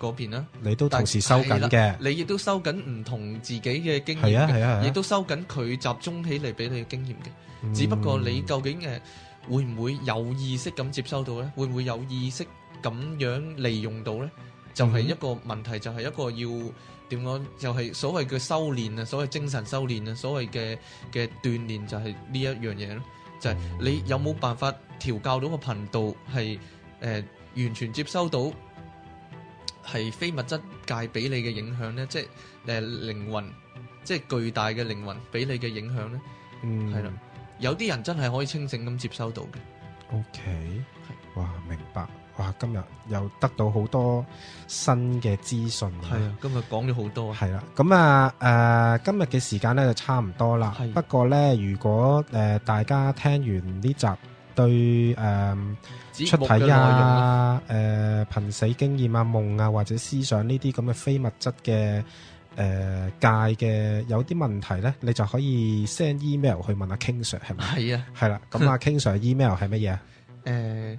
嗰邊啦，你都同時收緊嘅，你亦都收緊唔同自己嘅經驗嘅，亦都收緊佢集中起嚟俾你嘅經驗嘅。只不過你究竟誒會唔會有意識咁接收到咧？會唔會有意識咁樣利用到咧？就係一個問題，就係一個要。點講就係所謂嘅修煉啊，所謂精神修煉啊，所謂嘅嘅鍛煉就係呢一樣嘢咯，就係你有冇辦法調教到個頻道係誒完全接收到係非物質界俾你嘅影響呢？即係誒靈魂，即係巨大嘅靈魂俾你嘅影響呢？嗯，係啦，有啲人真係可以清醒咁接收到嘅。OK，哇，明白。哇！今日又得到好多新嘅資訊。係啊，今日講咗好多。係啦，咁啊，誒、呃，今日嘅時間咧就差唔多啦。的不過咧，如果誒、呃、大家聽完呢集對誒出體啊、誒、呃、瀕死經驗啊、夢啊或者思想呢啲咁嘅非物質嘅誒界嘅有啲問題咧，你就可以 send email 去問阿 King Sir 係咪？係啊的，係啦，咁阿 King Sir email 係乜嘢啊？誒、 呃。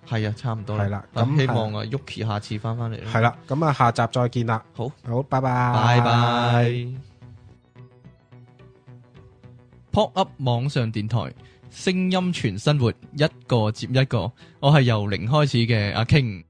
係啊，差唔多啦。係啦，咁、嗯、希望啊的，Yuki 下次翻翻嚟。係啦，咁、嗯、啊，下集再見啦。好，好，拜拜，拜拜 bye。Pop bye Up 網上電台，聲音全生活，一個接一個。我係由零開始嘅阿 King。